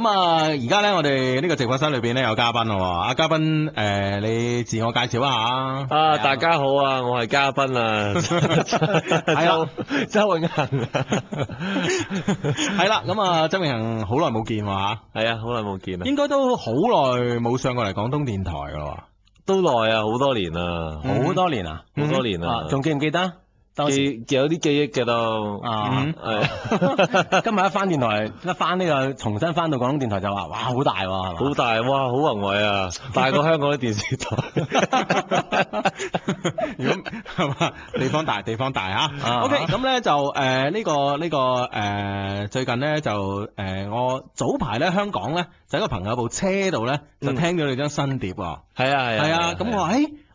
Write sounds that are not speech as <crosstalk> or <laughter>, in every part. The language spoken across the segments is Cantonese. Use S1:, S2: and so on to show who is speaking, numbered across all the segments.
S1: 咁啊，而家咧，我哋呢個直播室裏邊咧有嘉賓喎。阿嘉賓，誒、呃，你自我介紹一下啊。啊，大家好
S2: 啊，我係嘉賓啊。
S1: 係啊，
S3: 周永恒。
S1: 係啦，咁啊，周永恒，好耐冇見喎嚇。係啊，好耐冇見啦。應
S2: 該都好耐冇上過嚟廣東電台㗎。都耐、嗯嗯、啊，好多年啦。好多年啊，好多年啊，仲記唔記得？有啲記憶嘅都啊，今日一翻電台，一翻呢個重新翻到廣東電台就話，哇好大喎，好大哇，好宏偉啊，大過香港啲電視台。如果係嘛，地方大地方大嚇。O K，咁咧
S1: 就誒呢個呢個誒最近咧就誒我早排咧香港咧就喺個朋友部車度咧就聽到你張新碟喎。係啊係啊。係啊，咁我話誒。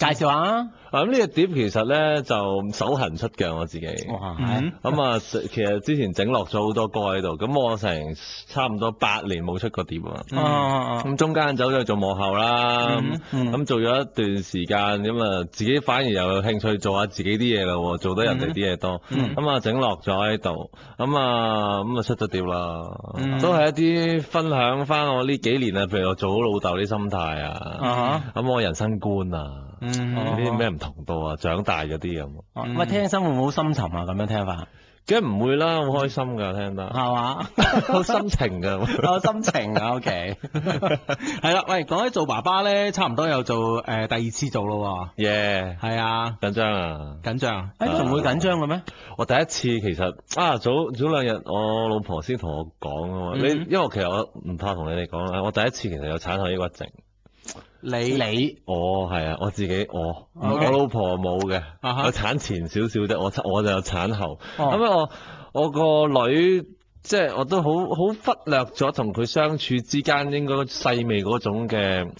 S2: 介紹下啊！咁呢個碟其實咧就係、手痕出嘅我自己。咁啊，其實之前整落咗好多歌喺度。咁我成差唔多八年冇出過碟啊。咁中間走咗去做幕後啦。咁、嗯、做咗一段時間，咁啊自己反而又有興趣做下自己啲嘢、啊、啦。做得人哋啲嘢多。咁啊整落咗喺度。咁啊咁啊出咗碟啦。都係一啲分享翻我呢幾年啊，譬如我做好老豆啲心態啊。咁我人生觀啊。嗯，啲咩唔同到啊？長大咗啲咁。唔係聽聲會唔會好深沉啊？咁樣聽法。梗係唔會啦，好開心㗎，聽得。係嘛？好心情㗎。好心情啊，OK。係啦，喂，講起做爸爸咧，差唔多又做誒第二次做咯喎。Yeah。係啊。緊張啊？緊張。誒，仲會緊張嘅咩？我第一次其實啊，早早兩日我老婆先同我講啊嘛。你因為其實我唔怕同你哋講啦，我第一次其實有產後抑鬱症。你你，我係啊，我自己我，Okay. 我老婆冇嘅，我、uh huh. 產前少少啫，我我就有產後。咁、oh. 我我個女，即係我都好好忽略咗同佢相處之間應該細微嗰種嘅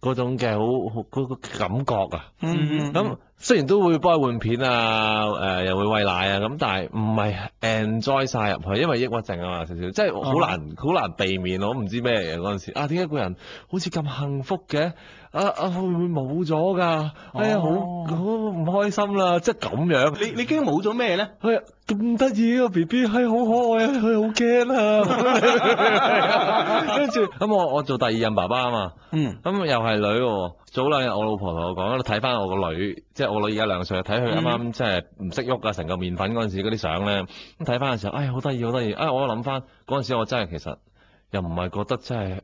S2: 嗰種嘅好好嗰個感覺啊。Mm hmm. 嗯。雖然都會幫佢換片啊，誒又會餵奶啊，咁但係唔係 enjoy 晒入去，因為抑鬱症啊嘛，少少，即係好難好難避免，我唔知咩嘢嗰陣時，啊點解個人好似咁幸福嘅，啊啊會唔會冇咗噶？哎呀好好唔開心啦，即係咁樣，你你驚冇咗咩咧？佢咁得意個 BB，係好可愛啊，佢好驚啊，跟住咁我我做第二任爸爸啊嘛，咁又係女喎。早兩日我老婆同我講，睇翻我個女，即係我女而家兩歲，睇佢啱啱即係唔識喐啊，成個面粉嗰陣時嗰啲相咧，咁睇翻嘅時候，哎好得意好得意，哎我諗翻嗰陣時我真係其實又唔係覺得真係。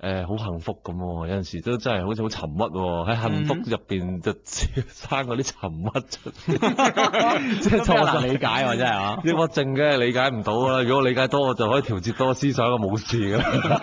S2: 誒好、呃、幸福咁喎，有陣時都真係好似好沉鬱喎，喺幸福入邊就生嗰啲沉鬱出
S1: 嚟，哈哈 <laughs> 即係好難理解喎，真係
S2: 嚇。抑鬱症嘅理解唔到啊！如果我理解多，我就可以調節多思想，我冇事嘅。咁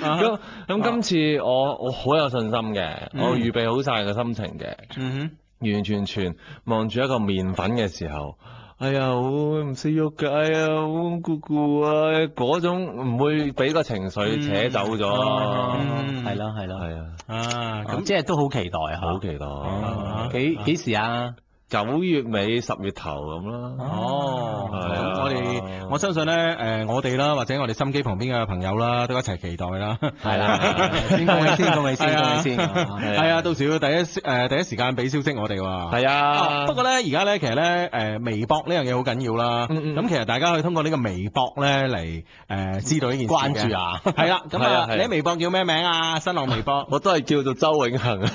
S2: 咁、 <laughs> 嗯嗯、今次我我好有信心嘅，我預備好晒嘅心情嘅，哼，完完全全望住一個麵粉嘅時候。哎呀，哦、會唔識喐噶。哎呀，溫溫酷酷啊，嗰種唔會俾個情緒扯走咗，係咯係咯，係、嗯、的啊，啊，咁即係都好期待啊，好期待，幾幾時啊？九月尾、十月頭
S1: 咁咯。哦，我哋我相信咧，誒我哋啦，或者我哋心機旁邊嘅朋友啦，都一齊期待啦。係啦，先恭喜先，恭喜先，恭喜先。係啊，到時要第一誒第一時間俾消息我哋喎。係啊。不過咧，而家咧，其實咧，誒微博呢樣嘢好緊要啦。嗯嗯。咁其實大家可以通過呢個微博咧嚟誒知道呢件。關注啊。係啦，咁啊，你喺微博叫咩名啊？新浪微博。我都係叫做周永恆，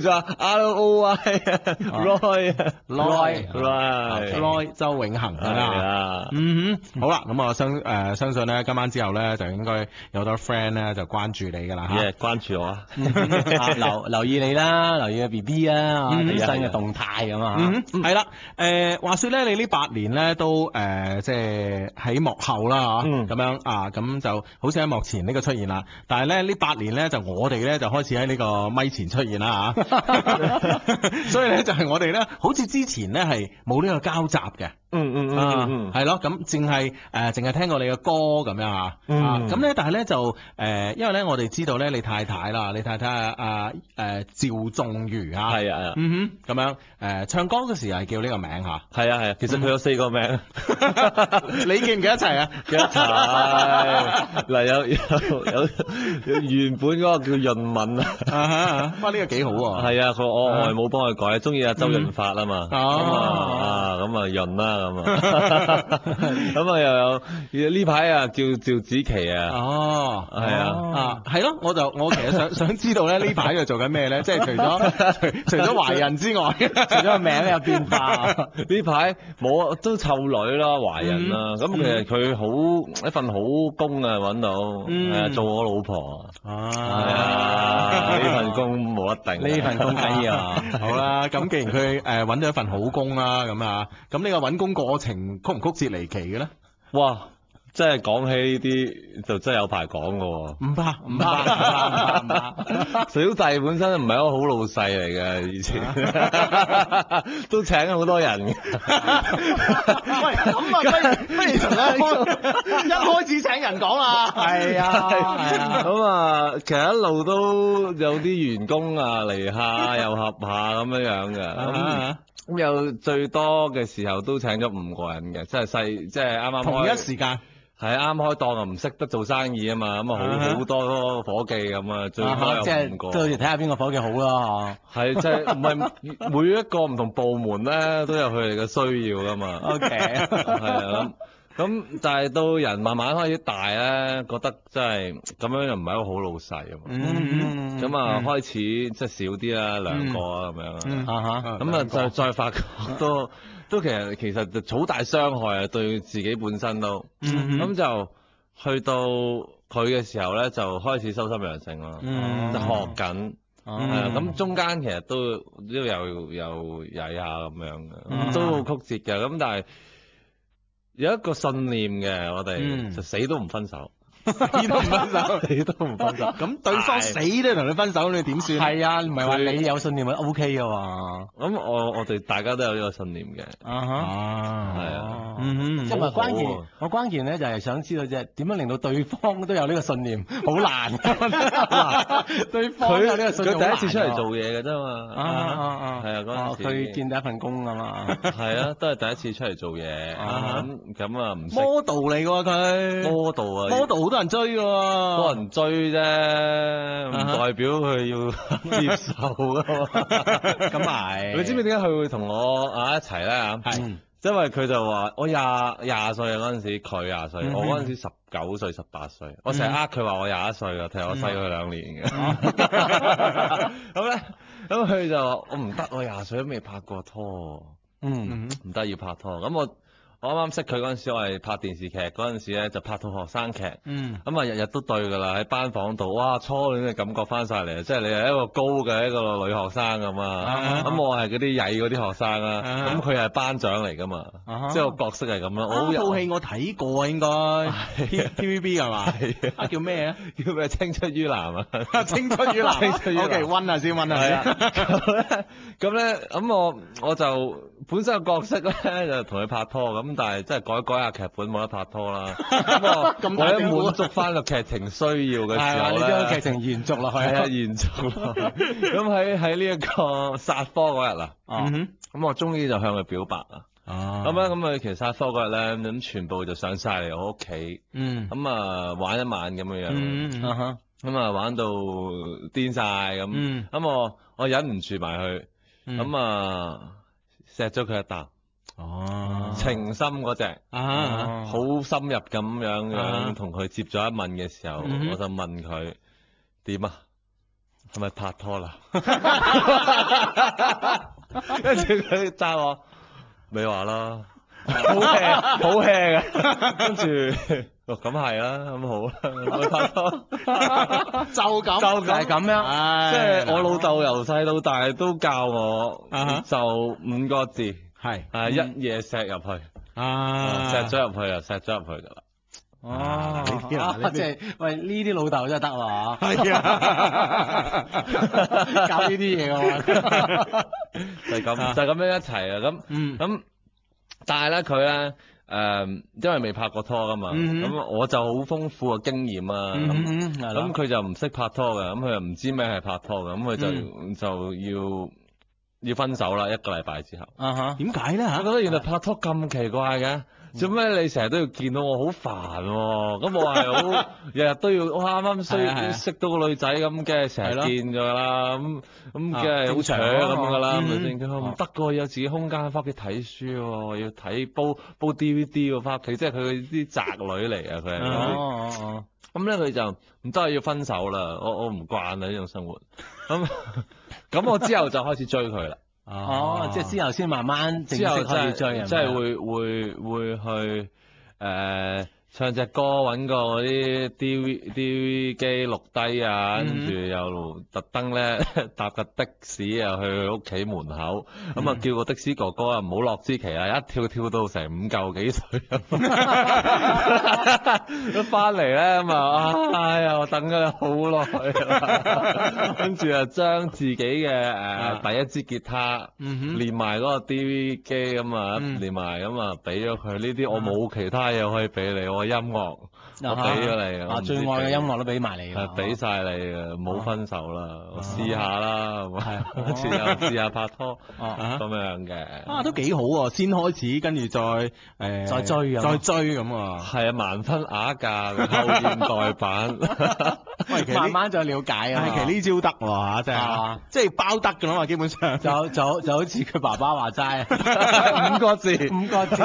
S1: 叫做 LO 啊。Roy，Roy，Roy，周永恒啦。嗯哼，好啦，咁我相誒、呃、相信咧，今晚之後咧，就應該有多 friend 咧就關注你㗎啦。係啊，關注我 <laughs> 啊，留留意你啦，留意個 B B 啦，你 <noise> 新嘅動態咁、呃呃、啊。嗯，係啦，誒，話説咧，你呢八年咧都誒，即係喺幕後啦，嗬，咁樣啊，咁、啊啊啊、就好似喺幕前呢個出現啦。但係咧呢八年咧，就我哋咧就開始喺呢個咪前出現啦，嚇、啊。 <laughs> 所以咧就係我哋咧，好似之前咧係冇呢個交集嘅。嗯
S4: 嗯啊，
S1: 係咯，咁淨係誒淨係聽過你嘅歌咁樣啊。嗯。咁咧，但係咧就誒，因為咧我哋知道咧你太太啦，你太太啊啊誒趙仲瑜啊。係啊。嗯哼。咁樣誒唱歌嘅時候係叫呢個名嚇。係啊係
S2: 啊，其實佢有四個名。
S1: 你記唔記得齊啊？記得齊。
S2: 嗱有有有原本嗰個叫潤文啊。啊哈。不過呢個幾好啊。係啊，佢外外母幫佢，改中意阿周潤發啊嘛，咁啊咁啊潤啦咁啊，咁啊又有呢排啊趙趙子琪啊，哦，係啊，啊係咯，我就我其實想想知道咧呢排又做緊咩咧，即係除咗除咗懷孕之外，除咗個名有變化，呢排冇啊，都湊女啦，懷孕啦，咁其實佢好一份好工啊揾到，做我老婆啊，係啊呢份工冇一
S1: 定，呢份工緊要啊。好啦，咁既然佢誒揾咗一份好工啦，咁啊，咁呢個揾工過程曲唔曲折離奇嘅咧？
S2: 哇！真係講起呢啲就真係有排講嘅喎。唔怕唔怕，小弟本身唔係一個好老細嚟嘅，以前都請咗好多人。喂，咁啊，不如不如從一開一開始請人講啦，
S3: 係
S2: 啊。咁啊，其實一路都有啲員工啊嚟下又合下咁樣樣嘅。咁咁有最多嘅時候都請咗五個人嘅，即係細即係啱啱開。同一時間。係啱開檔啊，唔識得做生意啊嘛，咁啊好好多伙計咁啊，最多有五個。啊、即
S1: 係睇下邊個伙計好咯，
S2: 係即係唔係每一個唔同部門咧都有佢哋嘅需要噶嘛。O K，係啊咁，但就係到人慢慢開始大咧，覺得真係咁樣又唔係一個好老細啊嘛。咁啊、嗯嗯、開始、嗯、即係少啲啦，兩個啊咁、嗯、樣。吓吓、嗯。咁、嗯、啊再那個再發覺都都其實其實就好大傷害啊，對自己本身都。嗯咁、mm hmm. 就去到佢嘅時候咧，就開始收心養性咯。Mm hmm. 就學緊，係、mm hmm. 啊咁中間其實都都有有曳下咁樣，嘅，都好曲折嘅。咁但係有一個信念嘅，我哋就、mm hmm. 死都唔分手。
S1: 都唔分手，你都唔分手。咁對方死
S2: 都同你分手，你點算？係啊，唔係話你有信念咪 O K 嘅喎。咁我我哋大家都有呢個信念嘅。啊哈。哦，係啊。嗯嗯。因為關鍵，我關鍵咧就係想知道只點樣令到對方都有呢個信念，好難。
S3: 對方有呢個信佢第一次出嚟做
S2: 嘢嘅啫嘛。啊啊係啊，佢見第一份工啊嘛。係啊，都係第一次出嚟做嘢。咁咁啊，唔魔 o 嚟喎佢。魔 o 啊。m o 好多人追嘅喎，啊，好多人追啫，唔、 <music> 嗯、代表佢要接受啊嘛。咁咪，你知唔知點解佢會同我啊一齊咧啊？係是，因為佢就話我廿廿歲嗰陣時，佢廿歲， <music> 歲，歲，我嗰陣時十九歲十八歲，我成日呃佢話我廿一歲啊，其實我細佢兩年嘅。咁咧，咁佢就話我唔得，我廿歲都未拍過拖，唔得要拍拖。咁我。我啱啱識佢嗰陣時，我係拍電視劇嗰陣時咧，就拍套學生劇。嗯。咁啊，日日都對㗎啦，喺班房度。哇，初戀嘅感覺翻晒嚟即係你係一個高嘅一個女學生㗎啊啊咁我係嗰啲矮嗰啲學生啊啊咁佢係班長嚟㗎嘛。
S1: 即係個角
S2: 色係咁樣。我嗰套戲
S1: 我睇過啊，應該。
S2: T V B 係嘛？叫咩啊？叫咩？青出於藍啊？青出於藍。OK，温啊先温啊。係啊。咁咧，咁我我就本身個角色咧就同佢拍拖咁。但係真係改改下劇本冇得拍拖啦。咁 <laughs> 我一滿足翻個劇情需要嘅時候咧，係啦、 <laughs> 啊，你將劇情延續落去， <laughs> 延續。咁喺喺呢一個殺科嗰日啊，咁、嗯、哼我終於就向佢表白啦。咁咧、啊，咁佢其實殺科嗰日咧，咁全部就上晒嚟我屋企。嗯、啊。咁啊，玩一晚咁樣樣。咁啊、嗯嗯，玩到癲晒。咁、嗯。咁我我忍唔住埋去，咁啊，錫咗佢一啖。哦，情深嗰隻，啊、uh，好、huh. 嗯、深入咁樣樣，同佢、uh huh. 接咗一問嘅時候，uh huh. 我就問佢點啊，係咪拍拖啦？跟住佢讚我，你話啦，好 hea，好 hea 跟住，咁係啦，咁好啊，好，係咪拍拖？
S1: <laughs> 就咁，就係咁樣，即係、哎、我老
S2: 豆由細到大都教我，uh huh. 就五個字。係，啊一嘢錫入去，啊錫咗入去啊，錫咗入去噶啦。哦，即係喂呢啲老豆真係得喎，係啊，搞呢啲嘢㗎嘛，係咁啊，就咁樣一齊啊，咁，咁，但係咧佢咧，誒，因為未拍過拖㗎嘛，咁我就好豐富嘅經驗啊，咁，咁佢就唔識拍拖㗎，咁佢又唔知咩係拍拖㗎，咁佢就就要。要分手啦，一個禮拜之後。啊哈，點解咧？我覺得原來拍拖咁奇怪嘅，做咩你成日都要見到我？好煩喎。咁我係好日日都要，我啱啱先識到個女仔咁，梗係成日見咗啦，咁咁梗係好長咁㗎啦，唔得嘅，有自己空間翻屋企睇書，要睇煲煲 DVD 喎，翻屋企，即係佢啲宅女嚟啊，佢。哦哦哦。咁咧，佢就唔得，要分手啦。我我唔慣啊呢種生活。咁。咁 <laughs> 我之後就開始追佢啦。啊、哦，即係之後先慢慢正式開始追，即係、就是就是、會會會去誒。呃唱隻歌，揾個啲 D V D V 機錄低啊，跟住又特登咧搭架的士又去佢屋企門口，咁啊叫個的士哥哥啊唔好落支旗啊，一跳跳到成五舊幾水，咁翻嚟咧咁啊，哎呀我等咗好耐，跟住啊將自己嘅誒第一支吉他連埋個 D V 機咁啊連埋咁啊俾咗佢，呢啲我冇其他嘢可以俾你，我。音樂。
S1: 我俾咗你，最愛嘅音樂
S2: 都俾埋你，係俾曬你，冇分手啦。試下啦，係嘛？試下試下拍拖咁樣嘅，
S1: 啊都幾好喎！先開始，跟住再誒，再追，再追咁啊，係啊，萬分壓價，後現代版，慢慢再了解咁。但係呢招得喎，即係包得㗎喇嘛，基本上就就就好似佢爸爸話齋，五個字，五個字，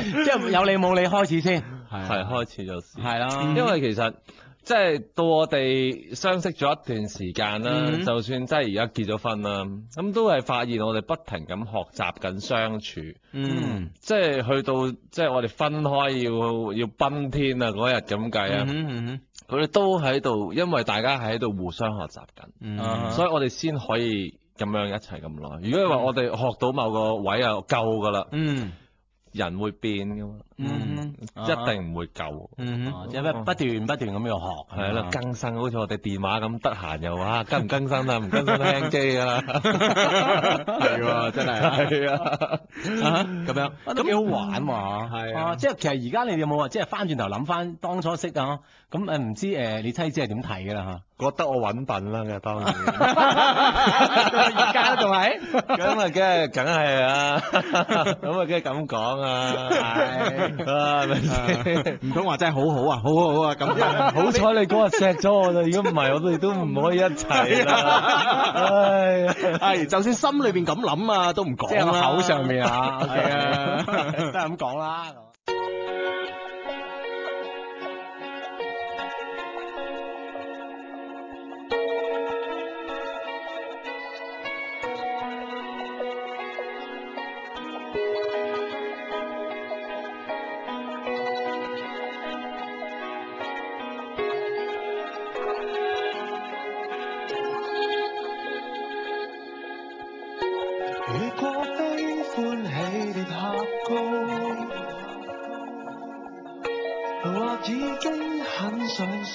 S1: 即係有你冇你開始先。
S2: 係，係、啊、開始就係。啦、啊，因為其實即係到我哋相識咗一段時間啦，嗯、就算真係而家結咗婚啦，咁、嗯、都係發現我哋不停咁學習緊相處。嗯，嗯即係去到即係我哋分開要要崩天啊嗰日咁計啊，佢哋、嗯嗯嗯、都喺度，因為大家係喺度互相學習緊，嗯、所以我哋先可以咁樣一齊咁耐。如果話我哋學到某個位又夠㗎啦、嗯，嗯，人會變㗎嘛。嗯，一定唔會夠。
S4: 嗯，
S2: 即係不斷不斷咁樣學。係啦，更新好似我哋電話咁，得閒又話，更唔更新啊？唔更新聽機㗎啦。係喎，真係。係啊。咁樣咁幾好玩喎。係。啊，即係其實而家你哋有冇啊？即係翻轉頭諗翻當初識啊。咁誒唔知誒你妻子係點睇㗎啦嚇？覺得我穩笨啦，嘅當然。
S5: 而家都仲係。咁啊，梗
S2: 係梗係啊。咁啊，梗係咁講啊。係。 <laughs> 啊，唔通話真係好好啊，好好，好啊，咁 <laughs> 好彩你嗰日錫咗我啦，如果唔係我哋都唔可以一齊。
S1: 唉，就算心裏邊咁諗啊，都唔講啦。口上面啊，係、 <laughs> okay、啊， <laughs> <laughs> 都係咁講啦。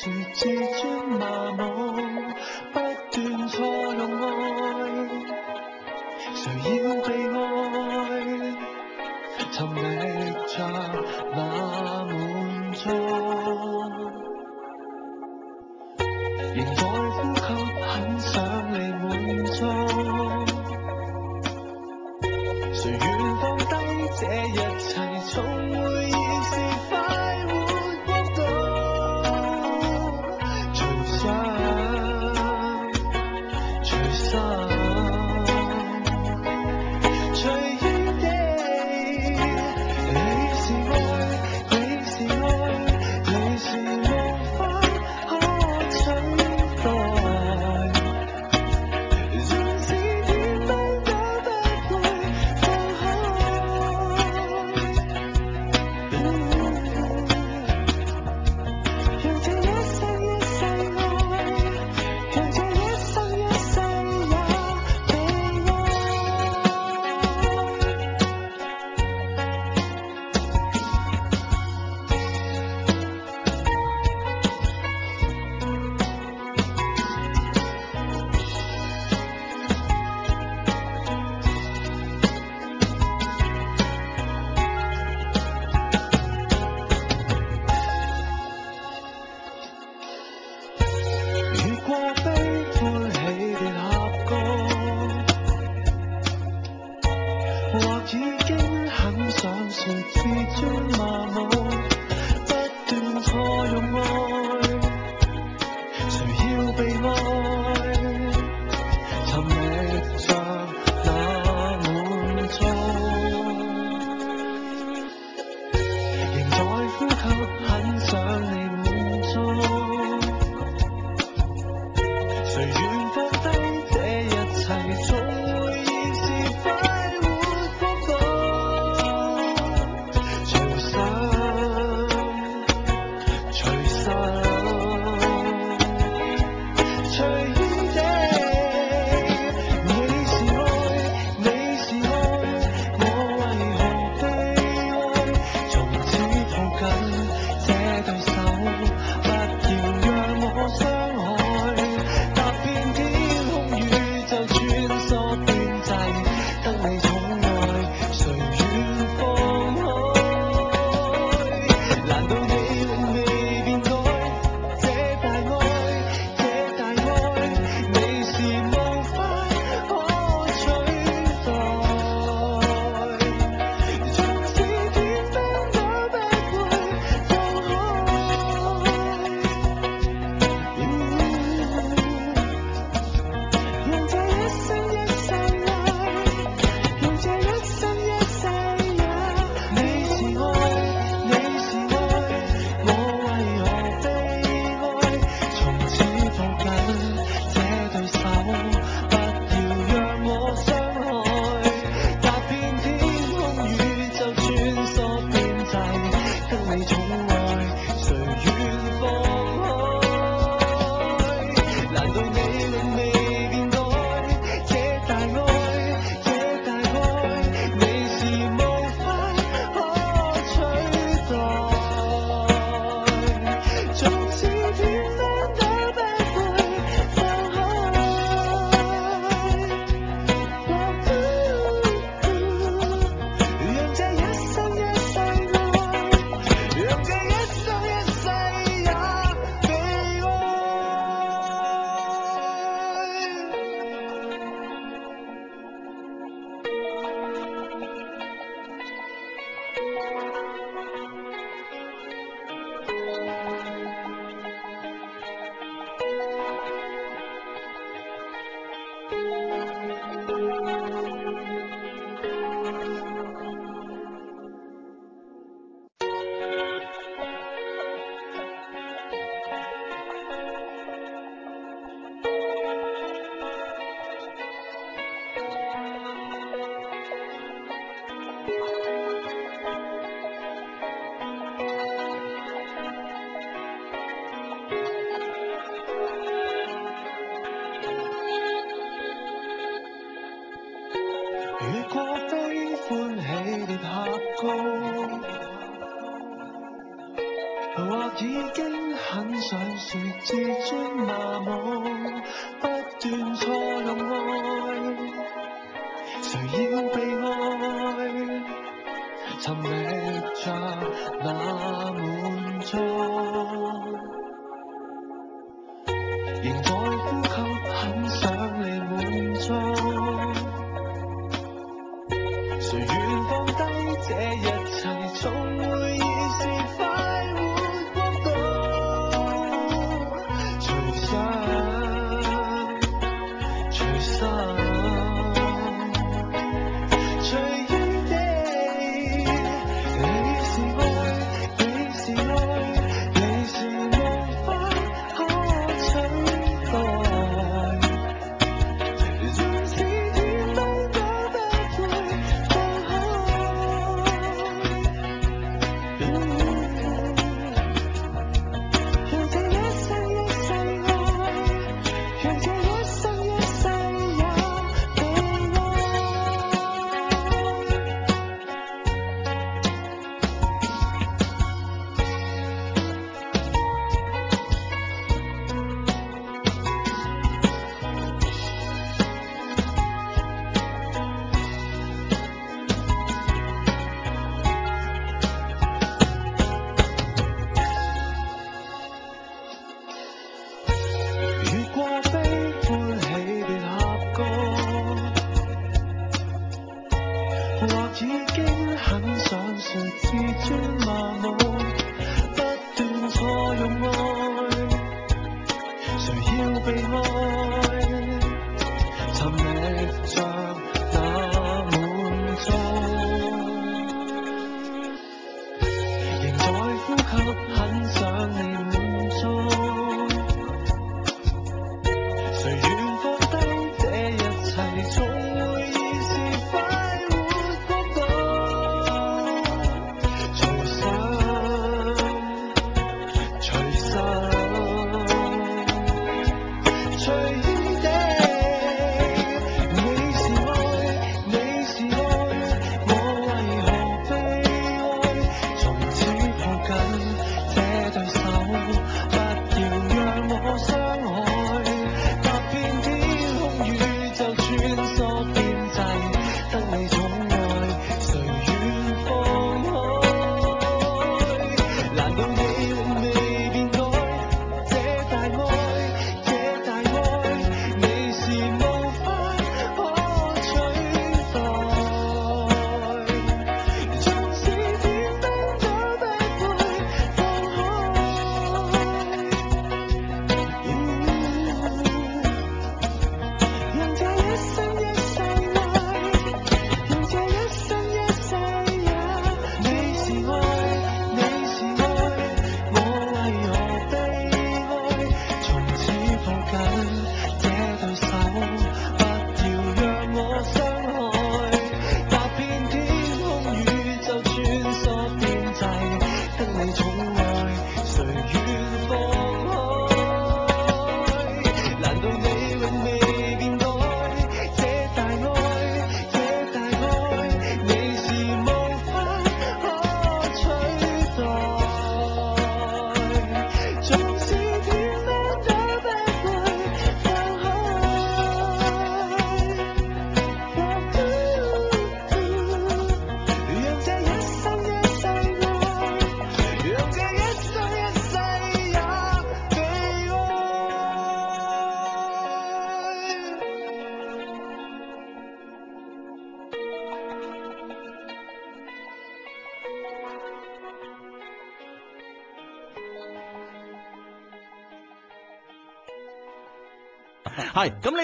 S3: 世界真麻木。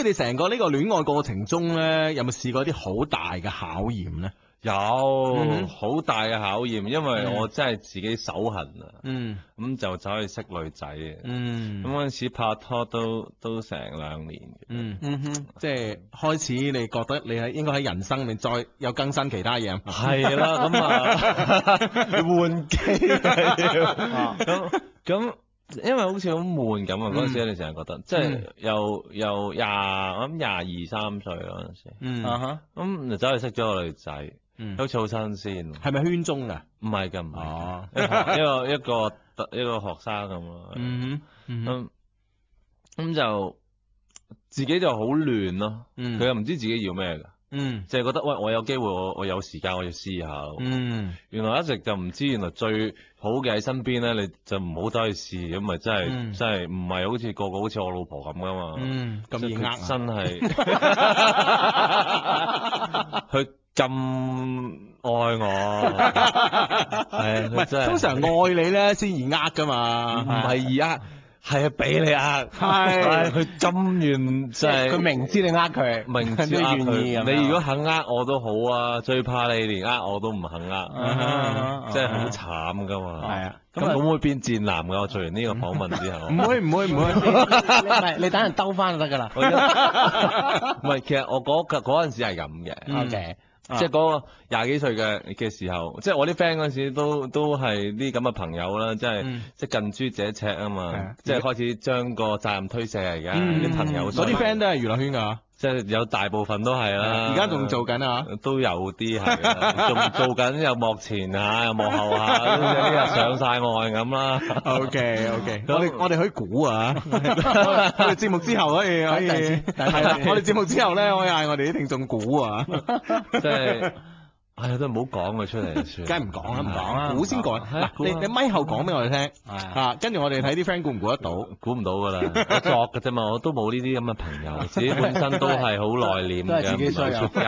S1: 你哋成個呢個戀愛過程中咧，有冇試過啲好大嘅考驗咧？
S2: 有，好、嗯、哼大嘅考驗，因為我真係自己手痕啊。嗯。咁就走去識女仔啊。嗯。咁嗰陣時拍拖都都成兩年。嗯嗯
S1: 哼，即係開始你覺得你喺應該喺人生裏面再有更新其他嘢。係啦， <laughs> 咁 <laughs> 啊，換機啊，
S2: 咁咁。因為好似好悶咁啊！嗰陣時你成日覺得，即係又又廿，我諗廿二三歲嗰陣時，嗯啊哈，咁就走去識咗個女仔，嗯，好似好新鮮，係咪圈中㗎？唔係咁。哦，一個一個一個學生咁咯，嗯嗯，咁就自己就好亂咯，佢又唔知自己要咩㗎。嗯，即係覺得喂，我有機會，我我有時間，我要試下。嗯，原來一直就唔知，原來最好嘅喺身邊咧，你就唔好走去試，咁咪真係真係唔係好似個個好似我老婆咁噶嘛。嗯，咁易呃，身係。佢咁愛我，
S1: 係啊，真
S2: 係。通常愛你咧先易呃噶嘛，唔係易呃。係啊，俾你呃，係佢咁願就係佢明知你呃佢，明知你願意。啊。你如果肯呃我都好啊，最怕你連呃我都唔肯呃，即係好慘噶嘛！係啊，咁會唔會變賤男㗎？我做完呢個訪問之後，唔會唔會唔會，你等人兜翻就得㗎啦。唔係，其實我嗰嗰陣時係咁嘅。O K。即係嗰個廿幾歲嘅嘅時候，啊、即係我啲 friend 嗰陣時都都係啲咁嘅朋友啦，即係即係近朱者赤啊嘛，嗯、即係開始將個責任推卸喺而家啲朋友、嗯。我啲 friend 都係娛樂圈噶。嗯即係有大部分都係啦，而家仲做緊啊！都有啲係，仲做緊有幕前啊，有幕後啊。有啲又上晒岸咁啦。OK OK，我哋我哋可以估啊！我哋節目之後可以 <laughs> 可以，係 <laughs> 我哋節目之後咧可以
S1: 嗌我哋啲聽眾估啊！即係。哎呀，都唔好講佢出嚟，算。 <laughs> 梗係唔講啦，唔講啦，估先講。嗱、啊，你你咪後講俾我哋聽， <laughs> 啊，跟住我哋睇啲
S2: friend 估唔估得到，估唔到㗎啦，作㗎啫嘛，我都冇呢啲咁嘅朋友，自己本身都係好內斂嘅，冇出界。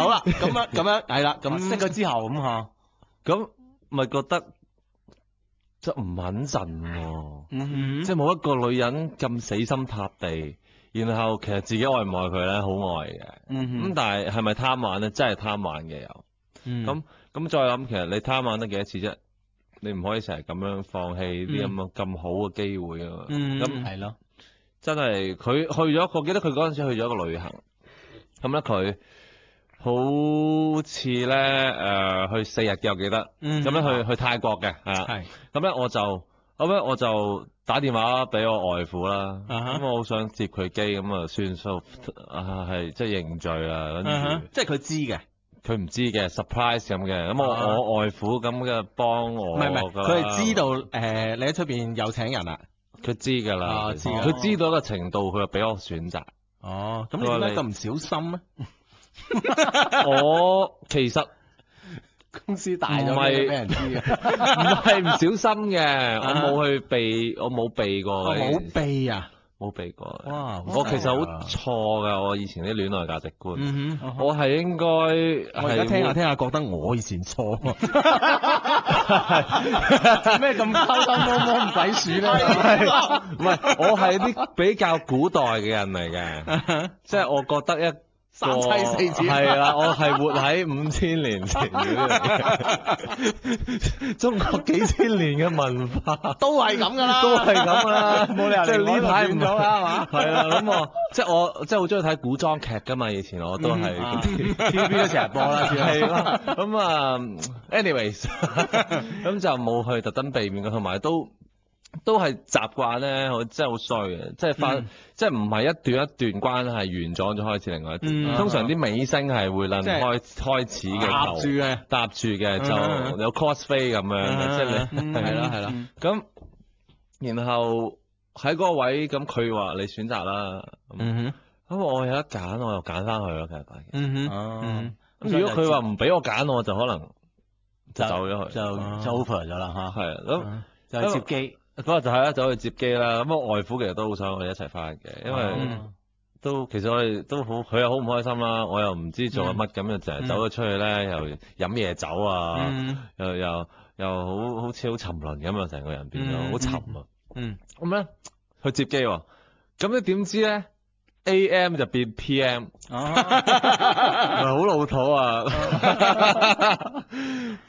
S2: 好啦，咁樣咁樣係啦，咁識咗之後咁吓，咁咪 <laughs> 覺得即唔穩陣喎，即係冇一個女人咁死心塌地。然後其實自己愛唔愛佢咧，好愛嘅。嗯哼。嗯、咁但係係咪貪玩咧？真係貪玩嘅又嗯。咁咁再諗，其實你貪玩得幾多次啫？你唔可以成日咁樣放棄啲咁樣咁好嘅機會啊嘛。嗯。咁係咯。真係佢去咗，我記得佢嗰陣時去咗一個旅行。咁咧佢好似咧誒去四日嘅，我記得。嗯哼。咁咧去去泰國嘅，係啊、嗯哼。係嘅。咁咧我就咁咧我就。我就我就打電話俾我外父啦，咁、uh huh. 嗯、我好想接佢機，咁啊算數啊，即係認罪啊，uh huh. 即係佢知嘅，佢唔知嘅 surprise 咁嘅，咁、uh huh. 我我外父咁嘅幫我，唔係唔係，佢係知道誒、呃，你喺出邊有請人啦，佢知㗎啦，佢知道個程度，佢就俾我選擇。哦、uh, 啊，咁點解咁唔小心咧？ <laughs> 我其實。公司大咗咪俾人知啊？唔係唔小心嘅，我冇去避，我冇避過。我冇 <laughs> 避啊！冇避過。哇！我其實好錯㗎，我以前啲戀愛價值觀。嗯 uh huh. 我係應該。我而家聽下說聽下，聽覺得我以前錯。咩 <laughs> 咁 <laughs> <laughs> 偷偷摸摸唔使選咧？唔係， <laughs> <laughs> 我係啲比較古代嘅人嚟嘅，即 <laughs> 係我覺得一。三妻四妾係啊！我係活喺五千年前嘅中國，幾千年嘅文化 <laughs> 都係咁噶啦， <laughs> 都係咁啦，冇 <laughs> 理由唔睇唔到啦，係嘛？係啊，咁我即係我即係好中意睇古裝劇噶嘛，以前我都係 T V T V 都成日播啦，串戲咁啊。 <laughs> <laughs> Anyways，咁 <laughs> 就冇去特登避免嘅，同埋都。都係習慣咧，我真係好衰嘅，即係翻，即係唔係一段一段關係完咗，就開始另外一段。通常啲尾聲係會能開開始嘅，搭住嘅，搭住嘅就有 crossfade 咁樣嘅，即係你係啦係啦。咁然後喺嗰個位，咁佢話你選擇啦。咁我有得揀，我就揀翻佢咯，其實。嗯哼。咁如果佢話唔俾我揀，我就可能就走咗去，就就 over 咗啦嚇。係。咁就接機。嗰日 <music> 就係、是、啦，走、就、去、是、接機啦。咁我外父其實都好想我哋一齊翻嘅，因為都其實我哋都好，佢又好唔開心啦。我又唔知做緊乜，咁就成日走咗出去咧，又飲嘢酒啊， <music> 又又又好好似好沉淪咁啊，成個人變咗好沉啊。嗯，咁咧去接機喎，咁你點知咧？A.M. 就變 P.M. 好老土啊！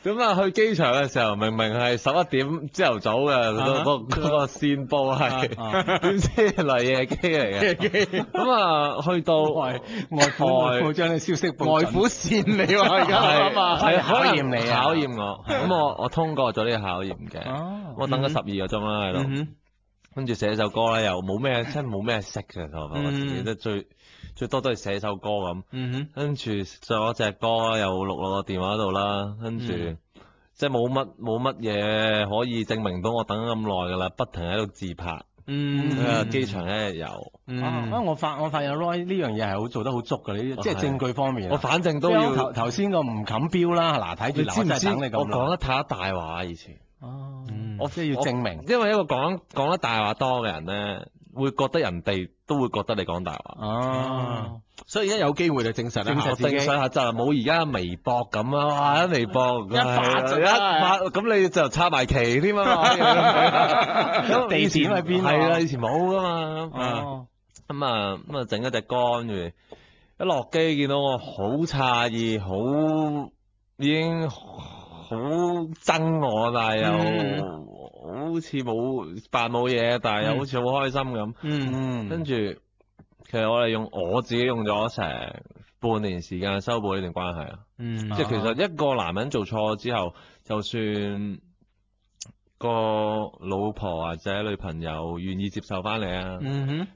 S2: 咁啊，去機場嘅時候明明係十一點朝頭早嘅，嗰嗰個線報係點知嚟嘅機嚟嘅？咁啊，去到外外將啲消息外府線你喎而家啊嘛，考驗你考驗我。咁我我通過咗呢個考驗嘅，我等咗十二個鐘啦，係咯。跟住寫首歌啦，又冇咩真冇咩識嘅，我自己記得最最多都係寫首歌咁。跟住作隻歌又錄落個電話度啦，跟住即係冇乜冇乜嘢可以證明到我等咁耐㗎啦，不停喺度自拍。嗯，誒機場咧又。啊、嗯嗯嗯！我發我發現 Roy 呢樣嘢係好做得好足㗎，呢啲是即係證據方面。我反正都要。頭先個唔冚標啦，嗱睇住樓就係等你咁耐我講得太大話以前。哦，我即係要證明，因為一個講講得大話多嘅人咧，會覺得人哋都會覺得你講大話。哦，所以而家有機會就證實，證實自己，證實下就冇而家微博咁啦，哇！微博，一發咁你就插埋旗添嘛。以前係邊？係啊，以前冇㗎嘛。咁啊，咁啊，整一隻杆住，一落機見到我好詫異，好已經。好憎我，但係又，嗯、又好似冇扮冇嘢，但係又好似好開心咁，嗯。嗯嗯，跟住，其實我哋用我自己用咗成半年時間修補呢段關係，嗯、是啊。嗯，即係其實一個男人做錯之後，就算。個老婆或者女朋友願意接受翻你啊？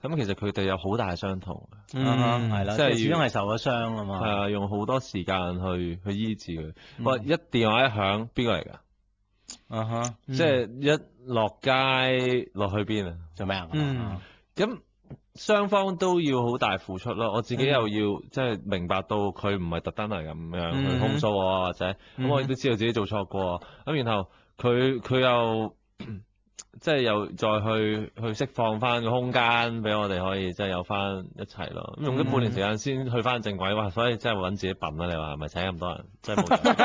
S2: 咁其實佢哋有好大嘅傷痛，即係始終係受咗傷啊嘛。係啊，用好多時間去去醫治佢。喂，一電話一響，邊個嚟㗎？啊，即係一落街落去邊啊？做咩啊？咁雙方都要好大付出咯。我自己又要即係明白到佢唔係特登嚟咁樣去控訴我或者，咁我亦都知道自己做錯過。咁然後。佢佢又即係又再去去釋放翻個空間俾我哋可以即係有翻一齊咯，用咗、mm hmm. 半年時間先去翻正軌，哇！所以真係搵自己笨啦，你話係咪請咁多人 <laughs> 真係冇錯，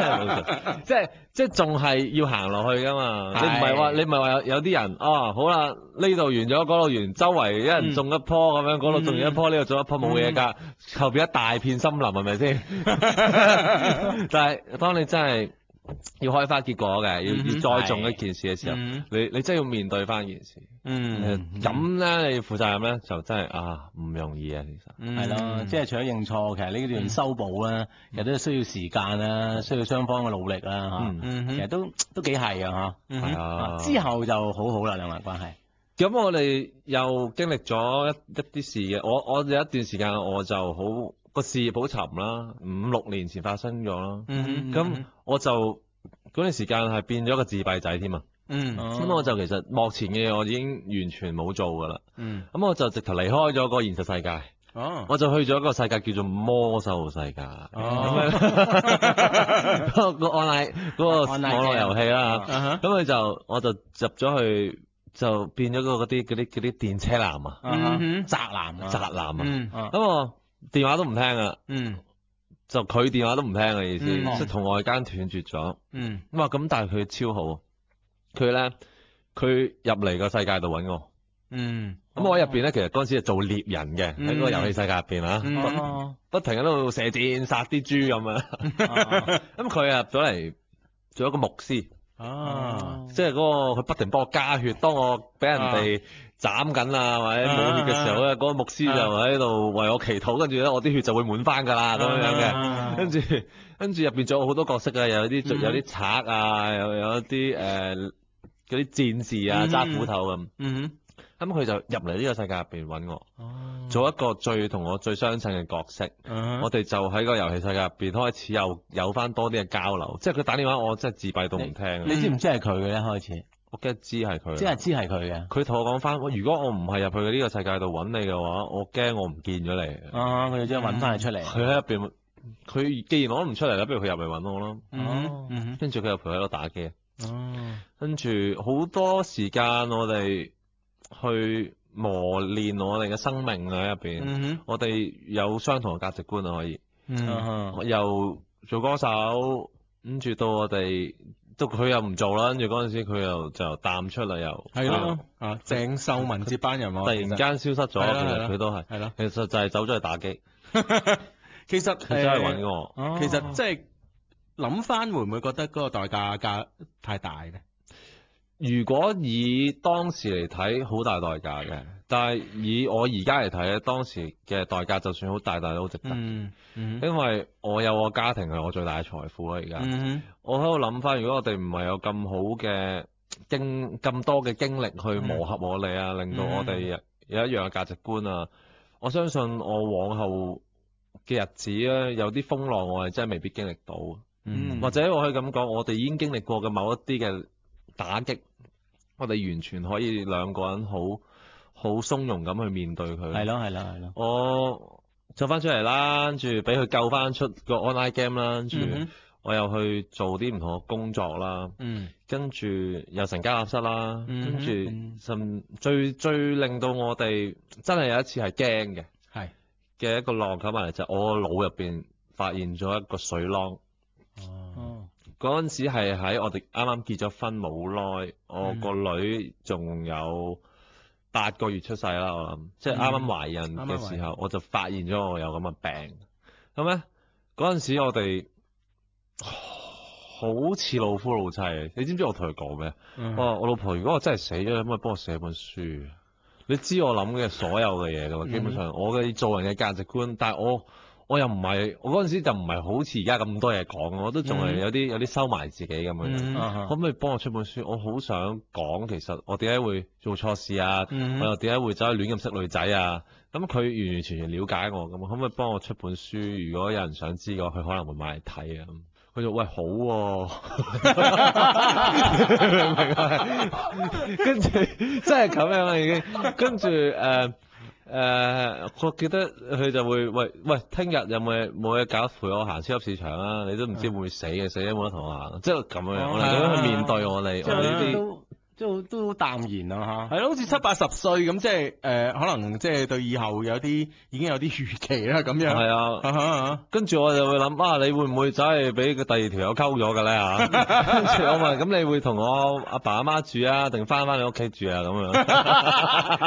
S2: 真係冇錯，即係即係仲係要行落去㗎嘛？ <laughs> 你唔係話你唔係話有啲人哦，好啦，呢度完咗，嗰度完，周圍有人種一棵咁、mm hmm. 樣，嗰度種一棵，呢度、mm hmm. 種一棵冇嘢㗎，後邊一大片森林係咪先？ <laughs> <laughs> <laughs> 但係當你真係。要開花結果嘅，要要再做一件事嘅時候，是嗯、你你真係要面對翻件事，嗯，咁咧你要負責任咧，就真係啊唔容易啊，其實係咯，即係是是、嗯、除咗認錯，其實呢段修補咧，亦都需要時間啦，需要雙方嘅努力啦，吓、啊是，其實都都幾係嘅吓，之後就好好啦，兩個關係。咁是我哋又經歷咗一一啲事嘅，我我有一段時間我就好。個事業好沉啦，五六年前發生咗啦，咁我就嗰段時間係變咗個自閉仔添啊，
S4: 咁我
S2: 就其實目前嘅嘢，我已經完全冇做噶啦，咁我就直頭離開咗個現實世界，我就去咗個世界叫做魔獸世界，嗰個 online 嗰個網絡遊戲啦，咁佢就我就入咗去就變咗嗰啲嗰啲啲電車男啊，
S1: 宅男啊，
S2: 宅男啊，咁我。電話都唔聽啊，嗯，就佢電話都唔聽嘅意思，即係同外間斷絕咗，嗯，咁啊咁但係佢超好，佢咧佢入嚟個世界度揾我，嗯，咁我喺入邊咧，其實嗰陣時係做獵人嘅，喺嗰個遊戲世界入邊啊，不停喺度射箭殺啲豬咁樣，咁佢啊入咗嚟做一個牧師，啊，即係嗰個佢不停幫我加血，當我俾人哋。斬緊啦，或者冇血嘅時候咧，嗰 <music> 個牧師就喺度為我祈禱，跟住咧，我啲血就會滿翻㗎啦，咁樣樣嘅。跟住，跟住入邊仲有好多角色㗎，有啲有啲賊啊，又、嗯、哼有一啲誒啲戰士啊，揸斧頭咁。嗯咁哼佢、嗯、哼就入嚟呢個世界入邊揾我，嗯、哼做一個最同我最相襯嘅角色。嗯、哼我哋就喺個遊戲世界入邊開始又有翻多啲嘅交流，即係佢打電話我，真係自閉到唔聽。嗯、你知唔知係佢嘅一開始？我驚知係佢，即係知係佢嘅。佢同我講翻，如果我唔係入去呢個世界度揾你嘅話，我驚我唔見咗你。啊，佢要即係揾翻你出嚟。佢喺入邊，佢既然揾唔出嚟啦，不如佢入嚟揾我囉。跟住佢又陪喺度打機。哦、嗯哼。跟住好多時間，我哋去磨練我哋嘅生命喺入邊。嗯、哼我哋有相同嘅價值觀啊，可以。嗯由哼做歌手，跟住到我哋。都佢又唔做啦，跟住嗰陣時佢又就淡出嚟。又係咯啊，鄭秀文接班人突然間消失咗，其實佢都係，係咯，其實就係走咗去打機，其實佢真係揾我。其實即係諗翻會唔會覺得嗰個代價價太大咧？如果以當時嚟睇，好大代價嘅。但係以我而家嚟睇咧，當時嘅代價就算好大大，但係都值得。嗯嗯、因為我有我家庭係我最大嘅財富啦。而家，嗯、我喺度諗翻，如果我哋唔係有咁好嘅經咁多嘅經歷去磨合我哋啊，嗯、令到我哋有一樣嘅價值觀啊，嗯嗯、我相信我往後嘅日子咧，有啲風浪我係真係未必經歷到。嗯嗯、或者我可以咁講，我哋已經經歷過嘅某一啲嘅。打擊，我哋完全可以兩個人好好鬆容咁去面對佢。係咯，係咯，係咯。我出翻出嚟啦，跟住俾佢救翻出個 online game 啦，跟住我又去做啲唔同嘅工作啦。嗯。跟住又成家立室啦，跟住甚最最令到我哋真係有一次係驚嘅，係嘅的一個浪咁嚟就是、我腦入邊發現咗一個水浪。哦、嗯。嗰陣時係喺我哋啱啱結咗婚冇耐，我個女仲有八個月出世啦，我諗，即係啱啱懷孕嘅時候，嗯、我就發現咗我有咁嘅病。咁咧，嗰陣時我哋好似老夫老妻，你知唔知我同佢講咩？嗯、我話我老婆，如果我真係死咗，可唔可以幫我寫本書？你知我諗嘅所有嘅嘢噶嘛？基本上我，我嘅做人嘅價值觀，但係我。我又唔係，我嗰陣時就唔係好似而家咁多嘢講，我都仲係有啲有啲收埋自己咁樣。嗯、可唔可以幫我出本書？我好想講，其實我點解會做錯事啊？嗯、哼我又點解會走去亂咁識女仔啊？咁佢完完全全了解我咁，可唔可以幫我出本書？如果有人想知嘅話，佢可能會買嚟睇啊。佢就喂好，明唔明？跟住真係咁樣啦、啊、已經，跟住誒。呃誒、呃，我記得佢就會喂喂，聽日有冇嘢冇嘢搞陪我行超級市場啊？你都唔知會唔會死嘅，的死都冇得同我行，即係咁樣，嚟到去面對我哋，我哋呢啲。
S1: 即都好淡然啊嚇！
S2: 係咯， <noise> 好似七八十歲咁，即係誒、呃，可能即係對以
S1: 後有啲已經有啲預期啦咁樣。係
S2: 啊， <noise> <noise> <noise> <noise> 跟住我就會諗啊，你會唔會走去俾個第二條友溝咗㗎咧嚇？跟住我問，咁、啊、你會同我阿爸阿媽，媽住啊，定翻翻你屋企住啊咁樣？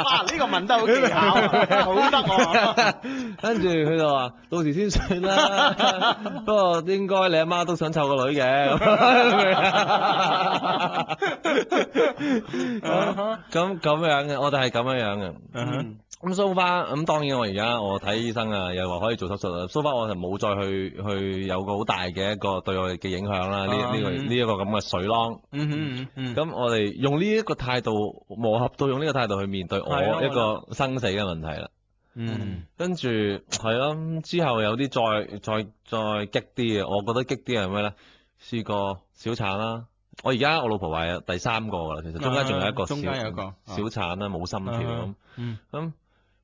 S2: 哇！ <laughs> <laughs> 呢、 <noise> 啊
S1: 呢個問得好技巧、啊，好得
S2: 我、哦。 <laughs> <noise> <noise> 跟住佢就話：到時先算啦。不 <laughs> 過、啊、應該你阿媽，媽都想湊個女嘅 <laughs> <laughs> <laughs> 咁咁、 <laughs> uh huh. 嗯、樣嘅，我哋係咁樣樣嘅。咁蘇巴，咁當然我而家我睇醫生啊，又話可以做手術啦。蘇巴我就冇再去去有個好大嘅一個對我哋嘅影響啦。呢呢、uh huh. 這個呢一、這個咁嘅、這個、水浪。咁我哋用呢一個態度磨合到，用呢個態度去面對我一個生死嘅問題啦、uh huh. 嗯。嗯，跟住係咯，之後有啲再再再,再激啲嘅，我覺得激啲係咩咧？試過小產啦。我而家我老婆話有第三個噶啦，其實中間仲有一個小產啦，冇心跳咁。咁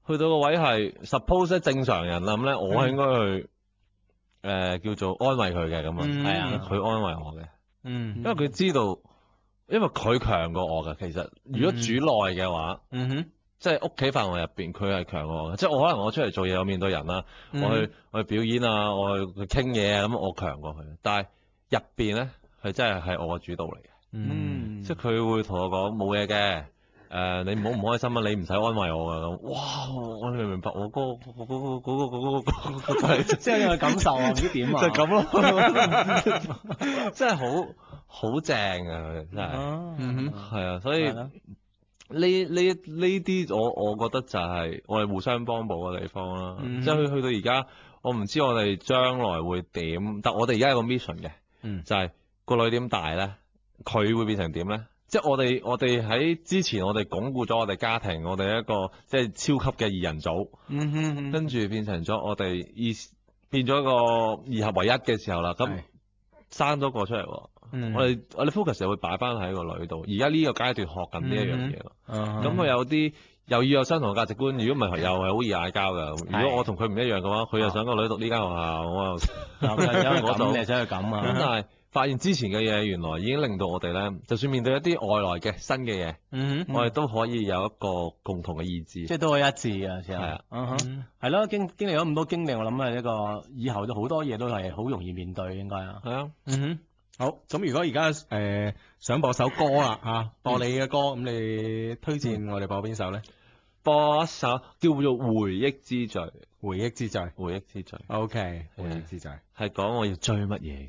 S2: 去到個位係，suppose 正常人啦咁咧，我應該去誒叫做安慰佢嘅咁啊，係啊，佢安慰我嘅。嗯，因為佢知道，因為佢強過我噶。其實如果主內嘅話，哼，即係屋企範圍入邊，佢係強過我嘅。即係我可能我出嚟做嘢，我面對人啦，我去我去表演啊，我去去傾嘢啊，咁我強過佢。但係入邊咧。佢真係係我嘅主導嚟嘅，嗯，即係佢會同我講冇嘢嘅，誒，你唔好唔開心啊，你唔使安慰我嘅，哇，我明明白我嗰個嗰個嗰個嗰個嗰即係感受啊，唔知點啊，就咁咯，真係好好正嘅，真係，嗯啊，所以呢呢呢啲我我覺得就係我哋互相幫補嘅地方啦，即係去去到而家，我唔知我哋將來會點，但我哋而家有個 mission 嘅，就係。個女點大咧？佢會變成點咧？即係我哋我哋喺之前我哋鞏固咗我哋家庭，我哋一個即係超級嘅二人組，跟住、mm hmm. 變成咗我哋二變咗個二合為一嘅時候啦。咁生咗個出嚟，我哋我哋 focus 又會擺翻喺個女度。而家呢個階段學緊呢、mm hmm. uh huh. 一樣嘢咯，咁佢有啲又要有相同嘅價值觀，如果唔係又係好易嗌交㗎。如果我同佢唔一樣嘅話，佢又想個女讀呢間學校，我又咁 <laughs> <laughs> <laughs> 你想去咁啊？真係。發現之前嘅嘢，原來已經令到我哋咧，就算面對一啲外來嘅新嘅嘢，mm hmm. 我哋都可以有一個共同嘅意志，即係都可以一致啊！先係啊，係咯 Yeah.、mm hmm.，經經歷咗咁多經歷，我諗係一個以後都好多嘢都係好容易面對，應該啊，係啊 Yeah.、
S1: mm，嗯、
S2: hmm. 哼，好咁。如果而家誒想播首歌啦嚇、
S1: 啊，播你嘅歌，咁你推薦我哋播邊首咧？Mm hmm.
S2: 播一首叫做《回憶之罪》，《回憶之罪》，《回憶之罪》Okay. 是。O K，《回憶之罪》係講我要追乜嘢嘅？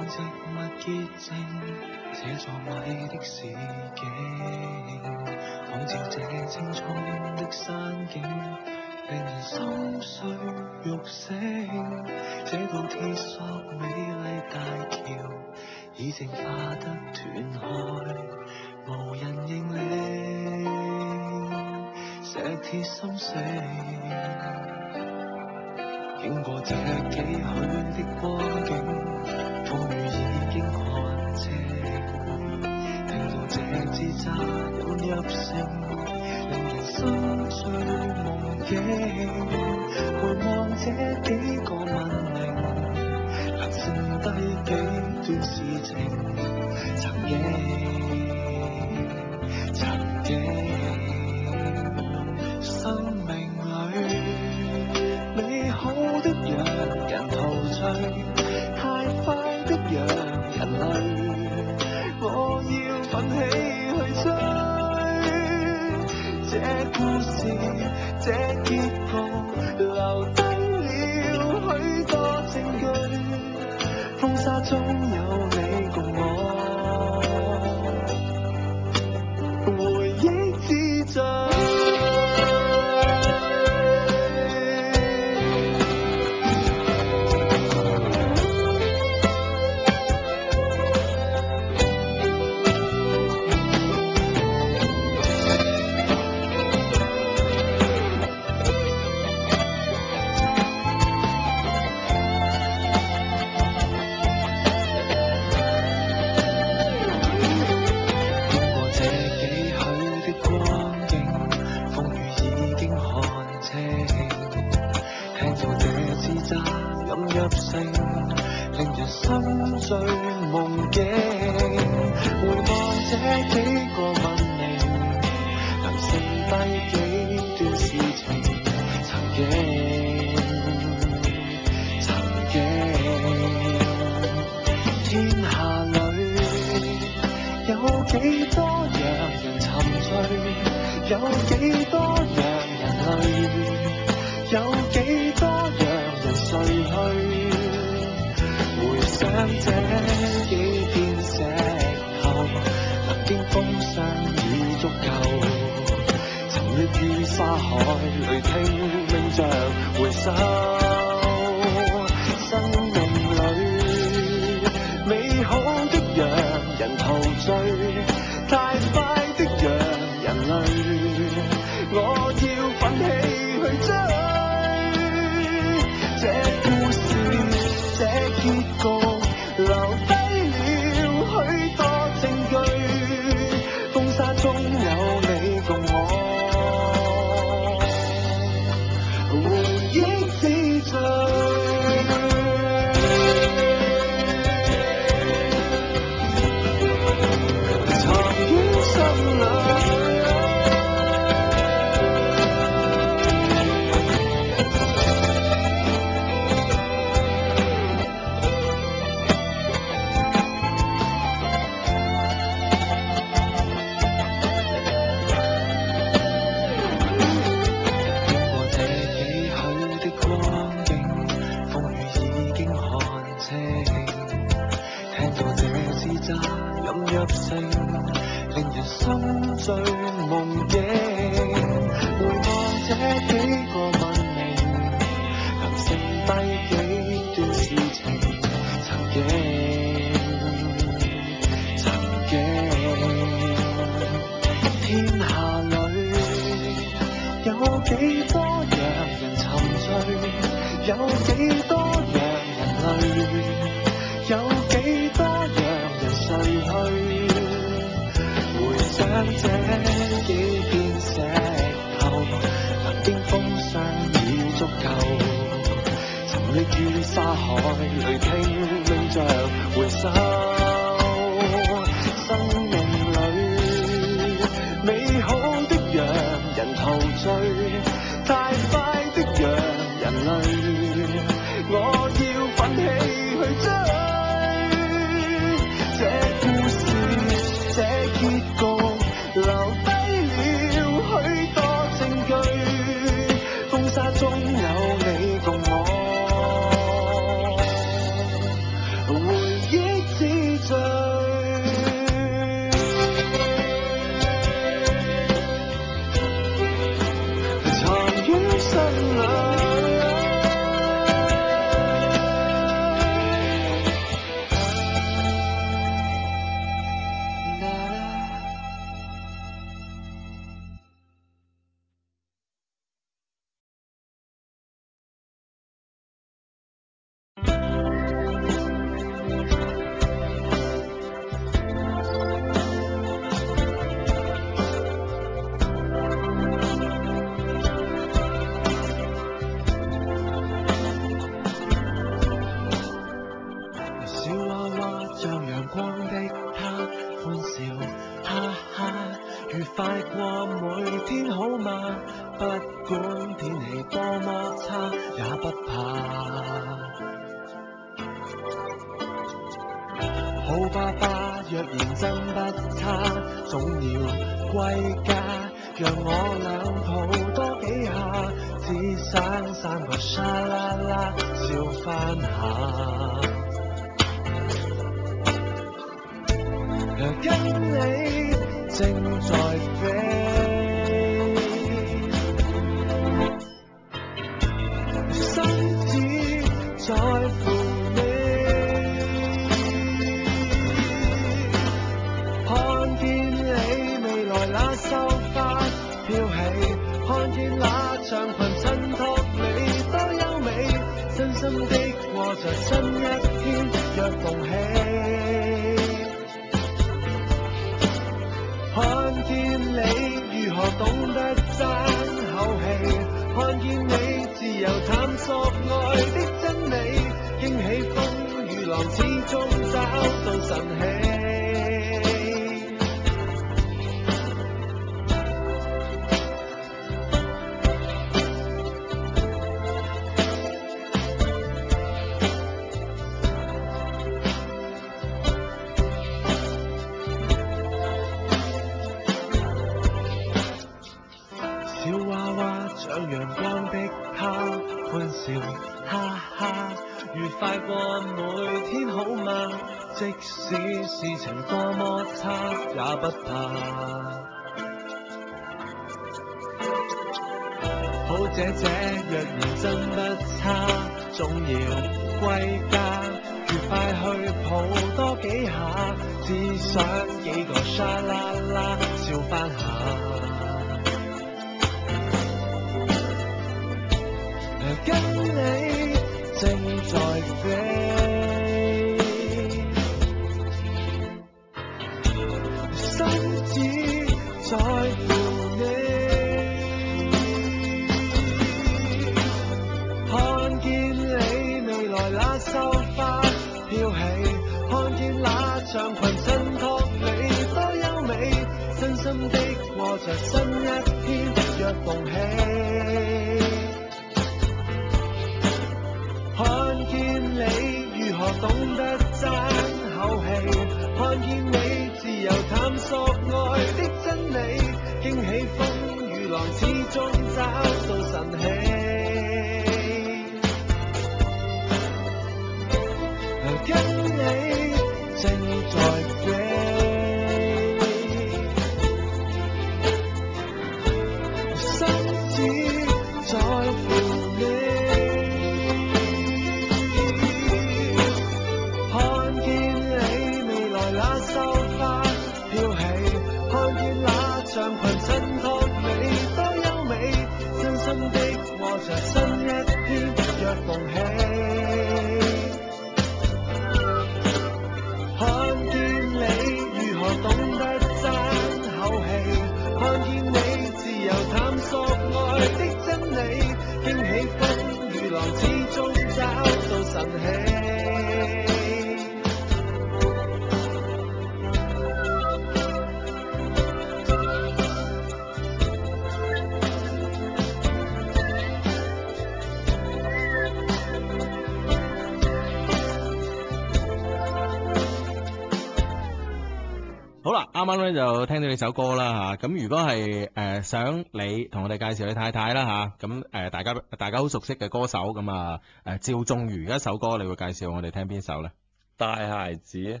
S1: 就聽到呢首歌啦吓，咁、啊、如果係誒、呃，想你同我哋介紹你太太啦吓，咁、啊、誒，大家大家好熟悉嘅歌手咁，啊誒，趙仲瑜一首歌，你會介紹我哋聽邊首咧？
S2: 大孩子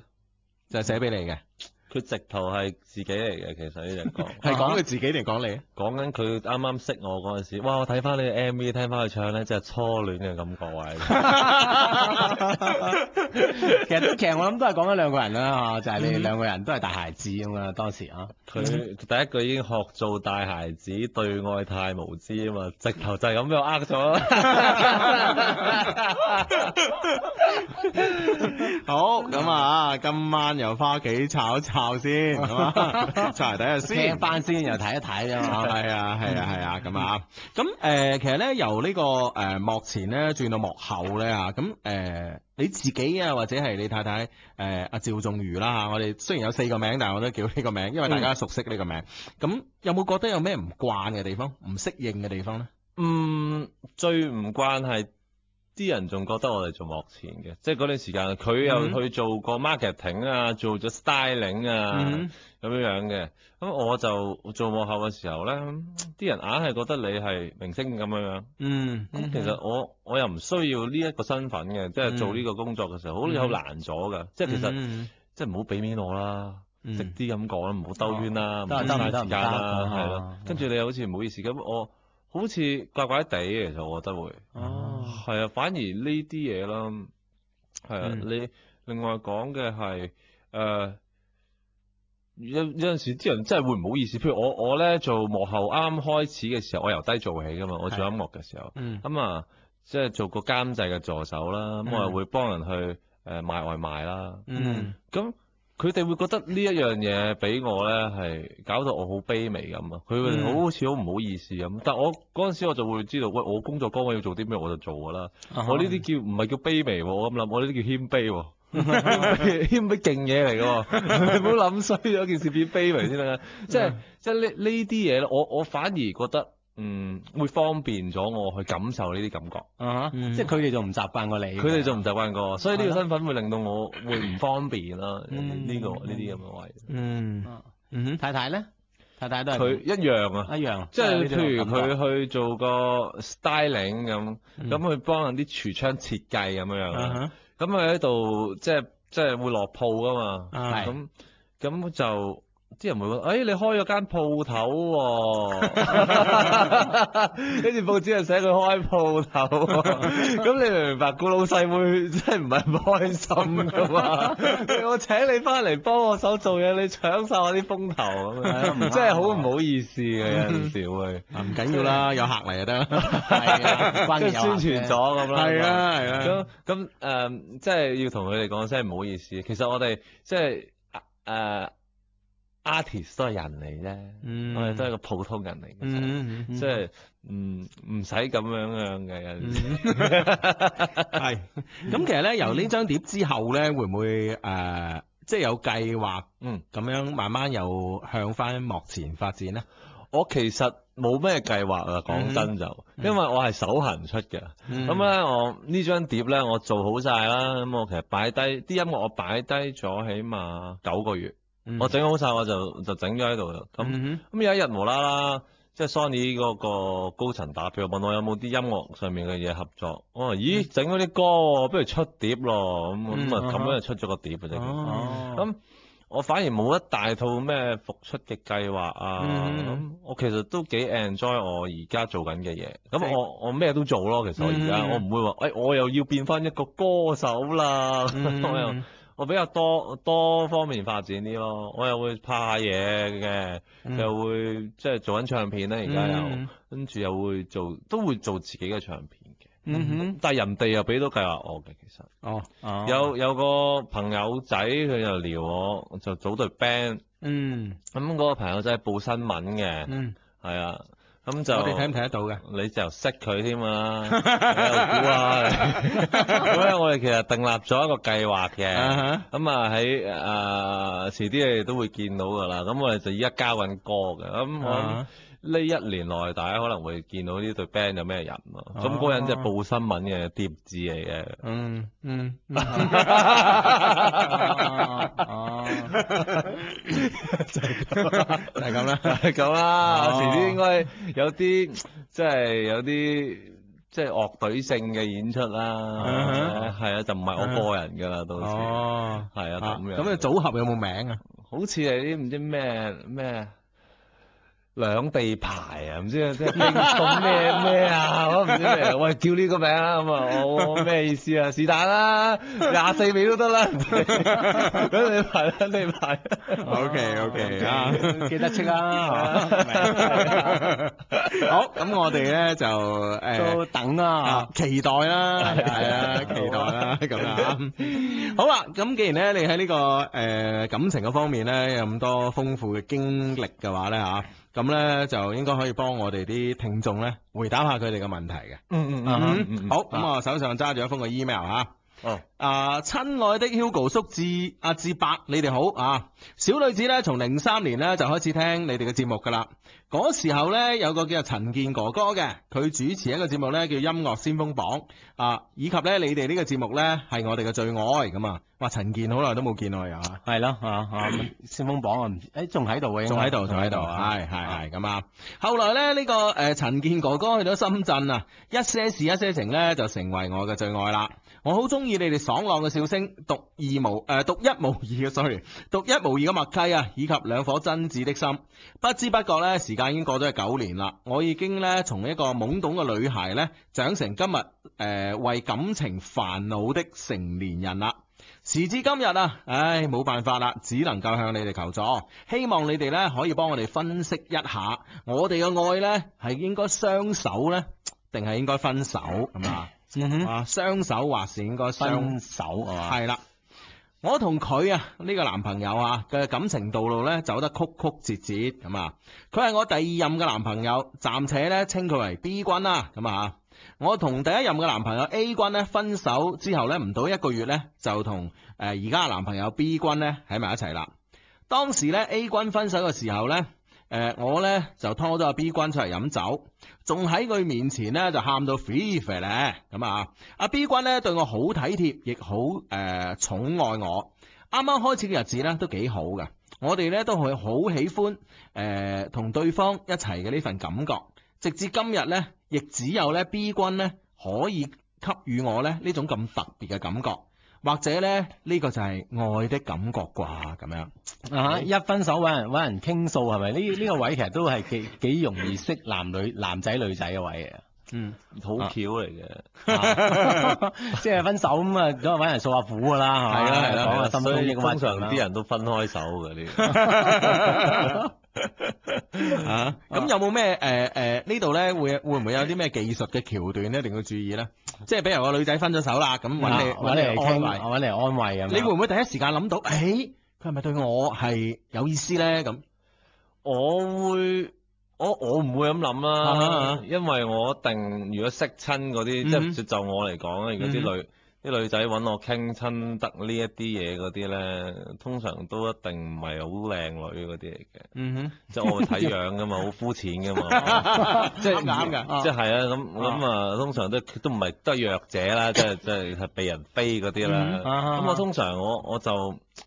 S2: 就係寫俾你嘅。佢直頭係自己嚟嘅，其實呢隻歌係講佢自己定講你啊？講緊佢啱啱識我嗰陣時，哇！我睇翻你嘅 MV，聽翻佢唱咧，就係初戀嘅感覺啊。 <laughs> <laughs> 其實其實我諗都係講緊兩個人啦，嚇就係你兩個人都係大孩子啊嘛，當時啊，佢、 <laughs> 嗯、第一句已經學做大孩子，對愛太無知啊嘛，直頭就係咁俾我呃咗。
S1: 好，咁啊，今晚又返屋企炒炒。先，係嘛？查嚟睇下先，翻先又睇一睇啫嘛。係啊，係啊，係啊，咁啊，咁誒、啊啊 <laughs> 呃，其實咧由呢個誒幕前咧轉到幕後咧啊，咁誒、呃、你自己啊，或者係你太太誒阿、呃、趙仲如啦嚇，我哋雖然有四個名，但係我都叫呢個名，因為大家熟悉
S2: 呢個名。咁 <laughs> 有冇覺得有咩唔慣嘅地方，唔適應嘅地方咧？嗯，最唔慣係。啲人仲覺得我哋做幕前嘅，即係嗰段時間，佢又去做個 marketing 啊，做咗 styling 啊咁樣樣嘅。咁、mm hmm. 我就做幕後嘅時候咧，啲人硬係覺得你係明星咁樣樣。嗯、mm，咁、hmm. 其實我我又唔需要呢一個身份嘅，即、就、係、是、做呢個工作嘅時候，好有難咗㗎、mm hmm. 即係其實即係唔好俾面我啦，mm hmm. 直啲咁講，唔好兜圈啦，唔好浪費時間啦，係咯。跟住、mm hmm. 嗯 hmm. 你又好似唔好意思咁，我好似怪怪地嘅，其實我覺得會。Oh. 係啊，反而呢啲嘢啦，係啊，嗯、你另外講嘅係誒有，有陣時啲人真係會唔好意思。譬如我我咧做幕後啱開始嘅時候，我由低做起噶嘛，我做音樂嘅時候，嗯，咁啊、嗯，即、就、係、是、做個監製嘅助手啦，咁、嗯、我又會幫人去誒買外賣啦，
S4: 嗯，
S2: 咁。佢哋會覺得呢一樣嘢俾我咧係搞到我好卑微咁啊！佢哋好似好唔好意思咁，但係我嗰陣時我就會知道，喂，我工作崗位要做啲咩我就做㗎啦。我呢啲叫唔係叫卑微喎，我咁諗，我呢啲叫謙卑喎，謙卑勁嘢嚟㗎，你唔好諗衰咗件事變卑微先得啊！即係 <laughs> 即係呢呢啲嘢，我我反而覺得。嗯，會方便咗我去感受呢啲感覺，啊，即係佢哋就唔習慣過你，佢哋就唔習慣過我，所以呢個身份會令到我會唔方便啦。呢個呢啲咁嘅位，
S1: 嗯，哼，太太咧，太太都係佢
S2: 一樣啊，一樣，即係譬如佢去做個 styling 咁，咁去幫人啲櫥窗設計咁樣樣，咁佢喺度即係即係會落鋪噶嘛，咁咁就。啲人會話，誒、哎，你開咗間鋪頭喎，跟住報紙又寫佢開鋪頭，咁 <laughs> 你明唔明白？古老細會真係唔係開心噶嘛？ <laughs> <laughs> 我請你翻嚟幫我手做嘢，你搶晒我啲風頭咁樣，唔真係好唔好意思嘅有時會。唔緊要啦，有客嚟就得。即係宣傳咗咁啦。係啊係啊。咁咁誒，即係要同佢哋講聲唔好意思。呃、其實我哋即係誒。artist 都係人嚟咧，嗯、我哋都係個普通人嚟嘅，即係唔唔使咁樣樣嘅。係咁，其實咧由呢張碟之後咧，
S1: 會唔會誒即係有計劃？嗯，咁樣慢慢又向翻
S2: 幕前發展咧。我其實冇咩計劃啊，講真就因為我係手行出嘅。咁咧，我呢張碟咧，我做好晒啦。咁我其實擺低啲音樂，我擺低咗起碼九個月。嗯、 <noise> 我整好晒，我就就整咗喺度。咁咁有一日無啦啦，即係 <noise> 即 Sony 嗰個高層打票，話問我有冇啲音樂上面嘅嘢合作。我話：咦，整咗啲歌，不如出碟咯。咁咁 <noise> <noise> <noise> 啊，咁樣就出咗個碟嘅啫。咁我反而冇一大套咩復出嘅計劃啊。咁我其實都幾 enjoy 我而家做緊嘅嘢。咁我我咩都做咯，其實我而家我唔會話：誒、哎，我又要變翻一個歌手啦。 <laughs> <laughs> <noise> 我比較多多方面發展啲咯，我又會拍下嘢嘅，又、嗯、會即係做緊唱片咧，而家、嗯、又跟住又會做都會做自己嘅唱片
S4: 嘅。嗯哼，
S2: 但係人哋又俾到計劃我嘅其
S4: 實。
S2: 哦。有有個朋友仔佢又撩我，我就組隊 band。嗯。
S4: 咁
S2: 嗰、嗯嗯、個朋友仔係報新聞嘅。嗯。係啊、嗯。咁就你睇唔睇得到嘅，你就識佢添啊！我估啊，咁因我哋其實訂立咗一個計劃嘅，咁啊喺啊遲啲你哋都會見到㗎啦。咁我哋就依家交緊歌嘅，咁我呢一年內大家可能會見到呢隊 band 有咩人咯。咁嗰人就報新聞嘅 editor 嚟嘅。嗯嗯。啊！ <laughs> 就係咁啦，係咁啦，咁啦，遲啲應該有啲即係有啲即係樂隊性嘅演出啦，係、uh huh. uh, 啊，就唔係我個人㗎啦，uh huh. 到時，係、uh huh. 啊，咁、就是、樣。咁、啊啊啊、你組合有冇名啊？ <laughs> 好似係啲唔知咩咩。兩臂牌啊，唔知啊，咩咩咩啊，我唔知咩，喂，叫呢個名啊，咁啊，我咩意思啊？是但啦，廿四味都得啦，咁你排啦，你排。O K O K 啊，記得清
S1: 啦，好，咁我哋咧就誒都等啦，期待啦，係啊，期待啦，咁啊，好啦，咁既然咧你喺呢個誒感情嗰方面咧有咁多豐富嘅經歷嘅話咧嚇。咁咧就應該可以幫我哋啲聽眾咧回答下佢哋嘅問題嘅、嗯。嗯嗯、uh, 嗯。好咁我手上揸住一封個 email 吓、嗯。哦、啊。啊親愛的 Hugo 叔志阿志伯，你哋好啊。小女子咧，從零三年咧就開始聽你哋嘅節目噶啦。嗰時候咧，有個叫做陳建哥哥嘅，佢主持一個節目咧叫《音樂先鋒榜》啊，以及咧你哋呢個節目咧係我哋嘅最愛咁啊。話陳建好耐都冇見我呀，係咯啊啊！先鋒榜啊，誒仲喺度嘅，仲喺度仲喺度，係係係咁啊。後來咧呢個誒陳建哥哥去咗深圳啊，一些事一些情咧就成為我嘅最愛啦。我好中意你哋爽朗嘅笑聲，獨二無誒獨一無二嘅，sorry，獨一無。無意嘅默契啊，以及兩顆真摯的心，不知不覺咧，時間已經過咗去九年啦。我已經咧從一個懵懂嘅女孩咧，長成今日誒、呃、為感情煩惱的成年人啦。時至今日啊，唉，冇辦法啦，只能夠向你哋求助。希望你哋咧可以幫我哋分析一下，我哋嘅愛咧係應該相守咧，定係應該分手咁啊？嗯，啊，相守還是應該相守係嘛？係啦。我同佢啊，呢個男朋友啊嘅感情道路呢，走得曲曲折折咁啊。佢係我第二任嘅男朋友，暫且呢稱佢為 B 君啦。咁啊，我同第一任嘅男朋友 A 君呢，分手之後呢，唔到一個月呢，就同誒而家嘅男朋友 B 君呢，喺埋一齊啦。當時呢 A 君分手嘅時候呢。誒、呃，我咧就拖咗阿 B 君出嚟飲酒，仲喺佢面前咧就喊到 free 咧，咁啊，阿 B 君咧對我好體貼，亦好誒寵愛我。啱啱開始嘅日子咧都幾好嘅，我哋咧都係好喜歡誒、呃、同對方一齊嘅呢份感覺。直至今日咧，亦只有咧 B 君咧可以給予我咧呢種咁特別嘅感覺。或者咧呢個就係愛的感覺啩咁樣啊！ <noise> uh、huh，一分手揾人揾人傾訴係咪？呢呢、
S2: 呢個位其實都係幾幾容易識男女男仔女仔嘅位啊！嗯，好巧嚟嘅，即係分手咁啊，咁啊揾人訴下苦噶啦，係嘛？係啦，講下心酸，通常啲人都分開手㗎呢。
S1: 啊，咁有冇咩誒誒呢度咧？會會唔會有啲咩技術嘅橋段咧？一定要注意咧？即係比如個女仔分咗手啦，咁揾你揾你嚟安慰，揾你嚟安慰咁。你會唔會第一時間諗到，誒，佢係咪對我係有意思咧？咁我
S2: 會。我我唔會咁諗啦，mm hmm. 因為我一定如果識親嗰啲，即係就我嚟講咧，如果啲、mm hmm. 女。Mm hmm. 啲女仔揾我傾親得呢一啲嘢嗰啲咧，通常都一定唔係好靚女嗰啲嚟嘅，即係我睇樣噶嘛，好膚淺噶嘛，即係啱㗎，即係係啊，咁我諗啊，通常都都唔係得弱者啦，即係即係被人飛嗰啲啦。咁我通常我我就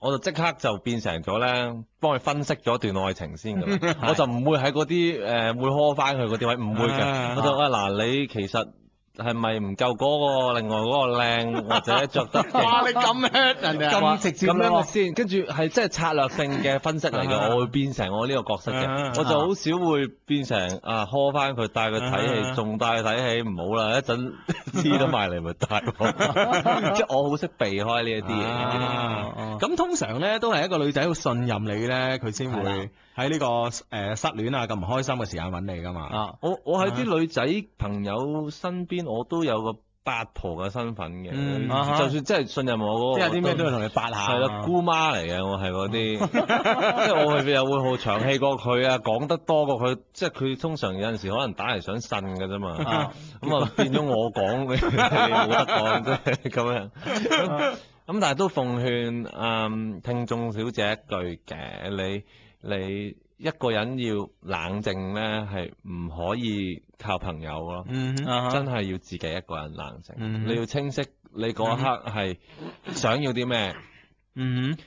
S2: 我就即刻就變成咗咧，幫佢分析咗段愛情先。咁我就唔會喺嗰啲誒會呵翻佢嗰啲位，唔會嘅。我就嗱你其實。係咪唔夠嗰個另外嗰個靚或者着得？哇！
S1: 你咁 h 咁直接咁樣
S2: 先，跟住係即係策略性嘅分析嚟嘅，我會變成我呢個角色嘅，我就好少會變成啊呵翻佢帶佢睇戲，仲帶佢睇戲唔好啦，一陣黐到埋嚟咪大鑊，即係我好識避開呢一啲嘢。
S1: 咁通常咧都係一個女仔好信任你咧，佢先會。喺呢個誒
S2: 失戀啊咁唔開心嘅時間揾你㗎嘛啊、uh,！我我喺啲女仔朋友身邊，我都有個八婆嘅身份嘅。嗯 uh huh. 就算真係信任我嗰，那個，即係啲咩都要同你八下。係啦，姑媽嚟嘅我係嗰啲， <laughs> 即係我係又會好長氣過佢啊，講得多過佢。即係佢通常有陣時可能打嚟想呻㗎啫嘛。咁啊、uh, <laughs> 變咗我講你冇得講，即係咁樣。咁、 <laughs> 嗯、但係都奉勸誒、嗯、聽眾小姐一句嘅你。你你一個人要冷靜咧，係唔可以靠朋友咯，mm hmm. uh huh. 真係要自己一個人冷靜。Mm hmm. 你要清晰你嗰刻係想要啲咩，誒、mm hmm.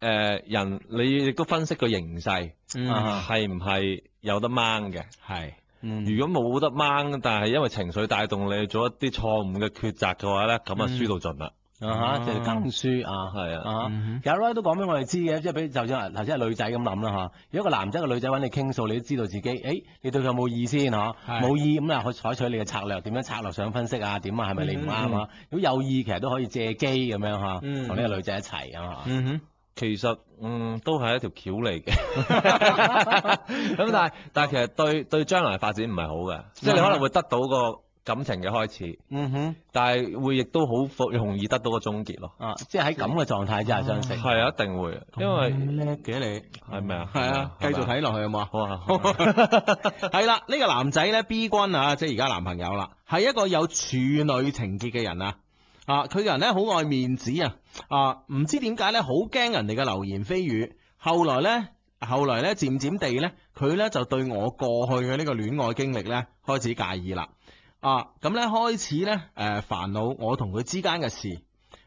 S2: 呃、人你亦都分析個形勢，係唔係有得掹嘅？係、mm，hmm. 是如果冇得掹，但係因為情緒帶動你做一啲錯誤嘅抉擇嘅話咧，咁啊輸到盡啦！Mm hmm. 啊就係更書啊，係啊，嚇，有啦都講俾我哋知嘅，即係俾，就算頭先係女仔咁諗啦嚇，如果個男仔個女仔搵你傾訴，你都知道自己，誒，你對佢有冇意先嚇？冇意咁啊，去採取你嘅策略，點樣策略想分析啊，點啊，係咪你唔啱啊？如果有意其實都可以借機咁樣嚇，同呢個女仔一齊啊嘛。其實嗯都係一條橋嚟嘅，咁但係但係其實對對將來發展唔係好嘅，即係你可能會得到個感情嘅開始，嗯哼，但係會亦都好容易得到個終結咯，啊，即係喺咁嘅狀態之下相成，係啊，啊，一定會，因為叻嘅你，係咪、嗯、啊？係啊，繼續睇落去好冇啊？好
S1: 啊，係啦， <laughs> <laughs> <laughs> 呢、這個男仔咧，B 君啊，即係而家男朋友啦，係一個有處女情結嘅人啊，啊，佢人咧好愛面子啊，啊，唔知點解咧好驚人哋嘅流言蜚語，後來咧，後來咧，漸漸地咧，佢咧就對我過去嘅呢個戀愛經歷咧開始介意啦。啊，咁咧開始咧，誒煩惱我同佢之間嘅事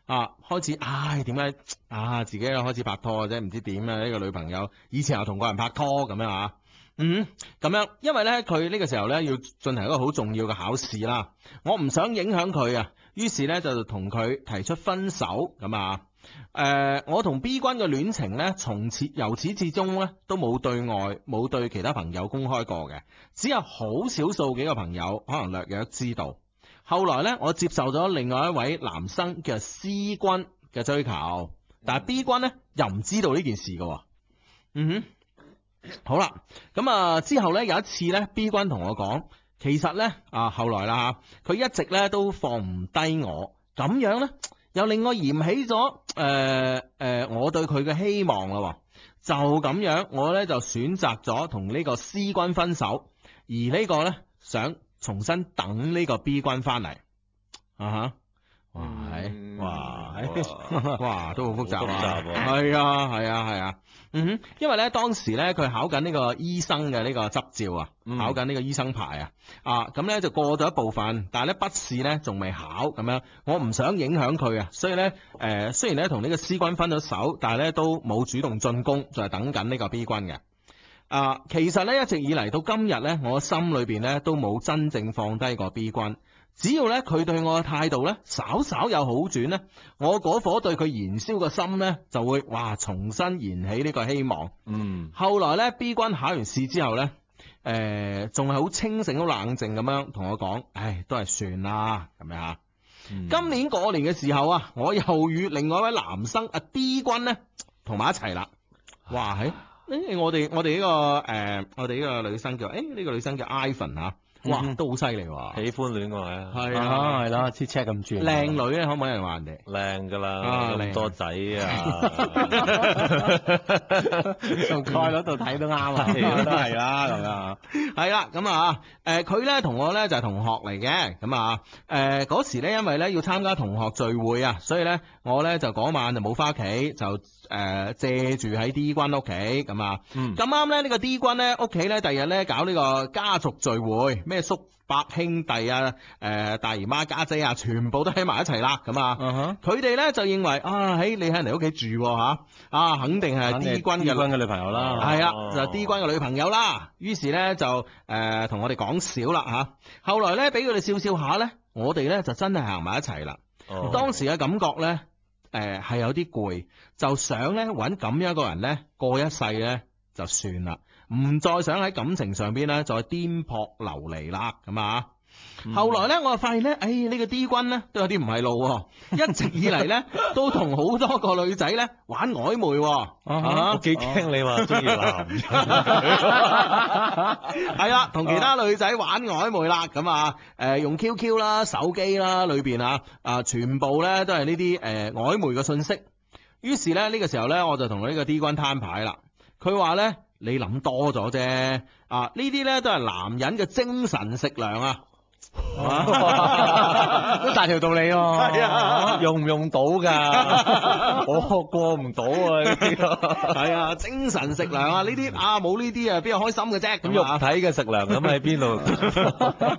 S1: 啊，開始，唉，點解啊，自己又開始拍拖，或者唔知點啊，呢個女朋友以前又同個人拍拖咁樣啊，嗯，咁樣，因為咧佢呢個時候咧要進行一個好重要嘅考試啦，我唔想影響佢啊，於是咧就同佢提出分手咁啊。誒、呃，我同 B 君嘅戀情呢，從此由始至終呢都冇對外冇對其他朋友公開過嘅，只有好少數幾個朋友可能略略知道。後來呢，我接受咗另外一位男生叫 C 君嘅追求，但係 B 君呢又唔知道呢件事嘅、哦。嗯哼，好啦，咁啊之後呢有一次呢 B 君同我講，其實呢，啊後來啦，佢一直呢都放唔低我，咁樣呢。又令我燃起咗誒誒，我對佢嘅希望咯，就咁樣，我咧就選擇咗同呢個 C 軍分手，而呢個咧想重新等呢個 B 軍翻嚟，啊、uh、哈。Huh. 係，嗯、哇，哇，哇都好複雜，係啊，係啊，係啊，啊，嗯哼，因為咧當時咧佢考緊呢個醫生嘅呢個執照啊，嗯、考緊呢個醫生牌啊，啊，咁咧就過咗一部分，但係咧筆試咧仲未考，咁樣，我唔想影響佢啊，所以咧，誒、呃，雖然咧同呢個 C 君分咗手，但係咧都冇主動進攻，就係、是、等緊呢個 B 君嘅，啊，其實咧一直以嚟到今日咧，我心裏邊咧都冇真正放低過 B 君。只要咧佢對我嘅態度咧稍稍有好轉咧，我嗰顆對佢燃燒嘅心咧就會哇重新燃起呢個希望。嗯。後來咧 B 君考完試之後咧，誒仲係好清醒、好冷靜咁樣同我講，唉，都係算啦咁樣嚇。嗯、今年過年嘅時候啊，我又與另外一位男生啊 D 君咧同埋一齊啦。哇係、欸，我哋我哋呢、呢個誒、呃、我哋呢個女生叫，誒、欸、呢、呢個女生叫 Ivan 啊。哇，都好犀利喎！喜歡戀愛啊，係啊，係啦，似車咁轉。靚女咧，可唔可以人話人哋
S2: 靚噶啦？咁多仔啊！
S1: 從概嗰度睇都啱啊，都係啦，係咪啊？係啦，咁啊，誒佢咧同我咧就係同學嚟嘅，咁啊，誒嗰時咧因為咧要參加同學聚會啊，所以咧我咧就嗰晚就冇翻屋企就。誒借住喺 D 君屋企咁啊，咁啱咧呢個 D 君咧屋企咧第日咧搞呢個家族聚會，咩叔伯兄弟啊，誒大姨媽家姐啊，全部都喺埋一齊啦，咁啊，佢哋咧就認為啊，喺你喺人哋屋企住嚇，啊肯定係 D 君嘅女朋友啦，係啊，就係 D 君嘅女朋友啦，於是咧就誒同我哋講少啦嚇，後來咧俾佢哋笑笑下咧，我哋咧就真係行埋一齊啦，當時嘅感覺咧。誒，係、呃、有啲攰，就想咧揾咁樣一個人咧過一世咧就算啦，唔再想喺感情上邊咧再顛沛流離啦，咁啊～後來咧，我就發現咧，哎，呢個 D 君，咧都有啲唔係路，一直以嚟咧都同好多個女仔咧玩曖昧，啊，幾驚你嘛，中意男唔中意女，
S2: 係啦，同其他
S1: 女仔玩曖昧啦，咁啊，誒、呃，用 QQ 啦、手機啦，裏邊啊啊，全部咧都係呢啲誒曖昧嘅信息。於是咧呢個時候咧，我就同呢個 D 君攤牌啦。佢話咧，你諗多咗啫，啊，呢啲咧都係男人嘅精神食糧啊。啊！好 <laughs> 大條道理喎、啊啊，用唔用到㗎？ <laughs> 我過唔到喎，呢 <laughs> 啊，精神食糧啊，呢啲啊冇呢啲啊邊有開心嘅啫？咁、嗯、肉體嘅食
S2: 糧咁喺邊度？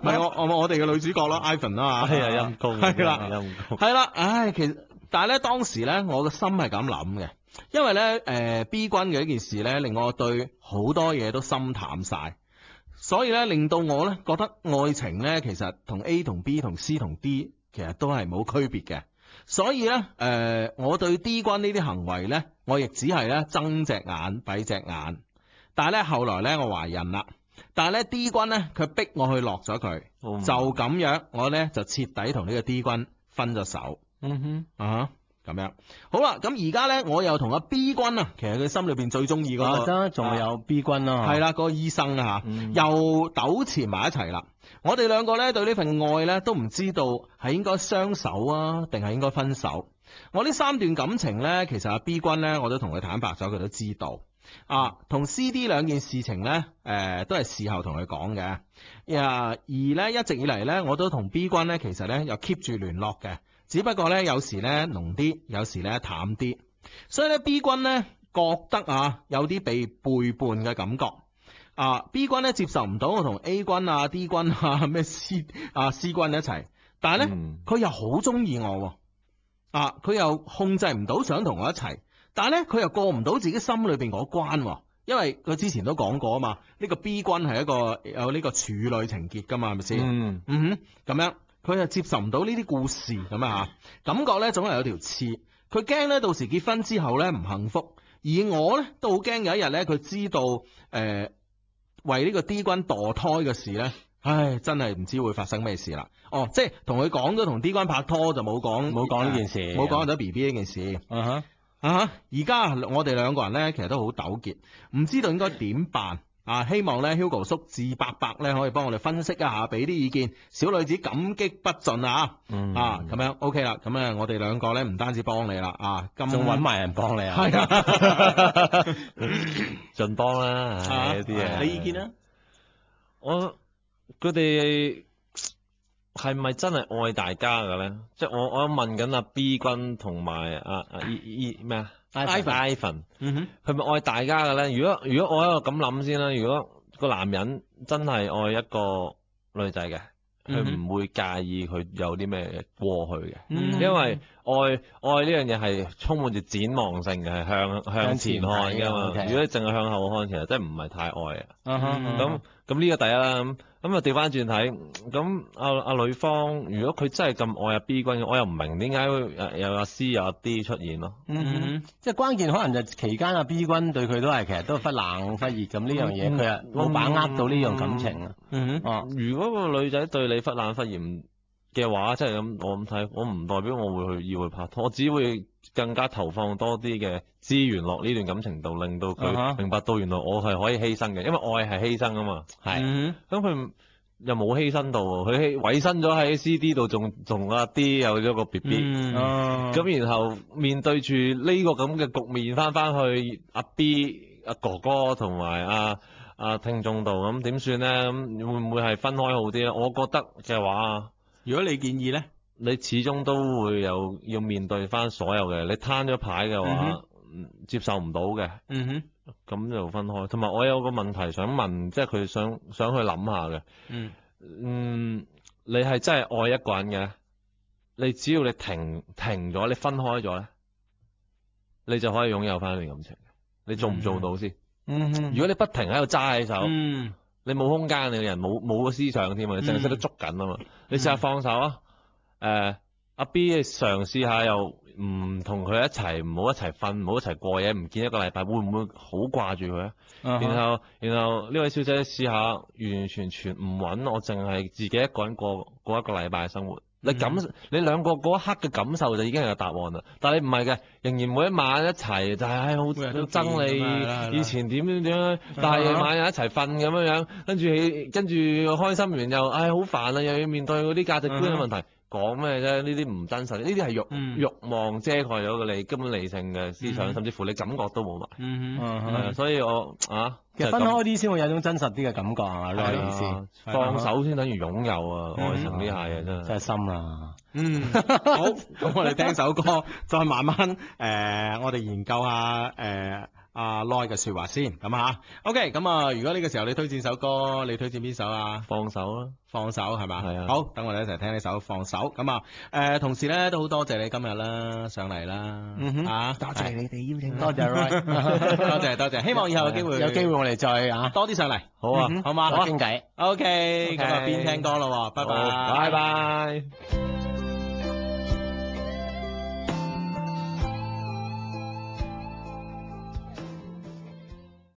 S1: 唔 <laughs> <laughs> 我我我哋嘅女主角
S2: 咯，Ivan <laughs> 啊嘛， <laughs> 嗯、啊陰功，
S1: 係啦陰功。係啦。 <laughs> 唉，其實但係咧當時咧我嘅心係咁諗嘅，因為咧誒 B 君嘅呢件事咧令我對好多嘢都心淡晒。所以咧，令到我咧覺得愛情咧，其實同 A 同 B 同 C 同 D 其實都係冇區別嘅。所以咧，誒，我對 D 君呢啲行為咧，我亦只係咧睜隻眼閉隻眼。但係咧後來咧，我懷孕啦。但係咧 D 君咧，佢逼我去落咗佢，就咁樣，我咧就徹底同呢個 D 君分咗手。嗯哼，啊。咁樣好啦，咁而家呢，我又同阿 B 君啊，其實佢心裏邊最中意、嗰個，得仲有 B 君啊，係啦，嗰個醫生啊嚇，嗯、又糾纏埋一齊啦。我哋兩個呢，對呢份愛呢，都唔知道係應該相守啊，定係應該分手。我呢三段感情呢，其實阿 B 君呢，我都同佢坦白咗，佢都知道啊。同 C、D 兩件事情呢，誒、呃、都係事後同佢講嘅。啊，而呢，一直以嚟呢，我都同 B 君呢，其實呢，又 keep 住聯絡嘅。只不過咧，有時咧濃啲，有時咧淡啲。所以咧，B 君咧覺得啊，有啲被背叛嘅感覺。啊，B 君咧接受唔到我同 A 君啊、D 君啊咩 C 啊、C 君一齊，但係咧佢又好中意我啊。啊，佢又控制唔到想同我一齊，但係咧佢又過唔到自己心裏邊嗰關、啊。因為佢之前都講過啊嘛，呢、這個 B 君係一個有呢個處女情結噶嘛，係咪先？嗯嗯，咁、嗯、樣。佢又接受唔到呢啲故事咁啊，感覺咧總係有條刺。佢驚咧到時結婚之後咧唔幸福，而我咧都好驚有一日咧佢知道誒、呃、為呢個 D 君墮胎嘅事咧，唉真係唔知會發生咩事啦。哦，即係同佢講咗同 D 君拍拖就冇講冇講呢件事，冇講咗 B B 呢件事。啊哈啊哈！而家，huh, uh huh, 我哋兩個人咧其實都好糾結，唔知道應該點辦。啊，希望咧，Hugo 叔字伯伯咧可以幫我哋分析一下，俾啲意見，小女子感激不盡啊！啊，咁樣 OK 啦，咁咧我哋兩個咧唔單止幫你啦，啊，仲搵埋人幫你啊、嗯，係、 <laughs> <laughs> 哦、啊，盡幫啦，係一啲嘢。你意
S2: 見啊？我佢哋係咪真係愛大家嘅咧？即係我我問緊阿 B 君同埋阿阿二二咩啊？啊啊 I for Ivan，嗯哼，佢咪愛大家嘅咧？如果如果我喺度咁諗先啦，如果個男人真係愛一個女仔嘅，佢唔會介意佢有啲咩過去嘅，因為愛愛呢樣嘢係充滿住展望性嘅，係向向前看㗎嘛。如果你淨係向後看，其實真係唔係太愛啊。咁咁呢、嗯嗯、個第一啦，咁咁啊調翻轉睇，咁阿阿女方如果佢真係咁愛阿 B 君，我又唔明點解會有阿 C 有阿 D 出現咯。嗯嗯，即係關鍵可能就期間阿 B 君對佢都係其實都忽冷忽熱咁呢樣嘢，佢啊冇把握到呢樣感情啊、嗯，嗯哼，嗯嗯啊，如果個女仔對你忽冷忽熱，嘅話，即係咁我咁睇，我唔代表我會去要去拍拖，我只會更加投放多啲嘅資源落呢段感情度，令到佢明白到原來我係可以犧牲嘅，因為愛係犧牲啊嘛。係咁佢又冇犧牲到，佢犧犧牲咗喺 C D 度，仲同阿 D 有咗個 B B，咁然後面對住呢個咁嘅局面，翻翻去阿 D 阿哥哥同埋阿阿聽眾度咁點算咧？咁會唔會係分開好啲咧？我覺得嘅話。如果你建議咧，你始終都會有要面對翻所有嘅，你攤咗牌嘅話，mm hmm. 接受唔到嘅。嗯哼、mm，咁、hmm. 就分開。同埋我有個問題想問，即係佢想想，想想去諗下嘅。嗯、mm，hmm. 嗯，你係真係愛一個人嘅，你只要你停停咗，你分開咗咧，你就可以擁有翻你感情。你做唔做到先？嗯哼、mm，hmm. 如果你不停喺度揸喺手。嗯、mm。Hmm. 你冇空間，你個人冇冇個思想添啊！你淨係識得捉緊啊嘛！嗯、你試下放手啊！誒、呃，阿 B 你嘗試下又唔同佢一齊，唔好一齊瞓，唔好一齊過夜，唔見一個禮拜，會唔會好掛住佢啊？Uh huh. 然後，然後呢位小姐試下完完全全唔揾我，淨係自己一個人過過一個禮拜嘅生活。你感你兩個嗰一刻嘅感受就已經係答案啦。但係你唔係嘅，仍然每一晚一齊，就係好憎你以前點樣點樣。但係夜晚又一齊瞓咁樣，跟住你，跟住開心完又唉好煩啊，又要面對嗰啲價值觀嘅問題，講咩啫？呢啲唔真實，呢啲係欲慾望遮蓋咗你根本理性嘅思想，甚至乎你感覺都冇埋。嗯，係，所以我啊。即係分開啲先會有種真實啲嘅感覺係、啊、咪？呢啲、啊、意思，啊、放手先等於擁有啊！愛情呢下嘢真係真係深啊！
S1: 嗯，好，咁我哋聽首歌， <laughs> 再慢慢誒、呃，我哋研究下誒。呃阿 Loy 嘅説話先咁嚇，OK 咁啊！如果呢個時候你推薦首歌，你推薦邊首啊？放手啊，放手係嘛？係啊。好，等我哋一齊聽呢首放手咁啊！誒，同時咧都好多謝你今日啦，上嚟啦嚇，多
S2: 謝你哋邀請，多謝 Loy，多謝多謝，希望以後有機會有機會
S1: 我哋再嚇多啲上嚟，好啊，好嘛，傾偈，OK，咁啊，邊聽歌咯喎，拜拜，拜拜。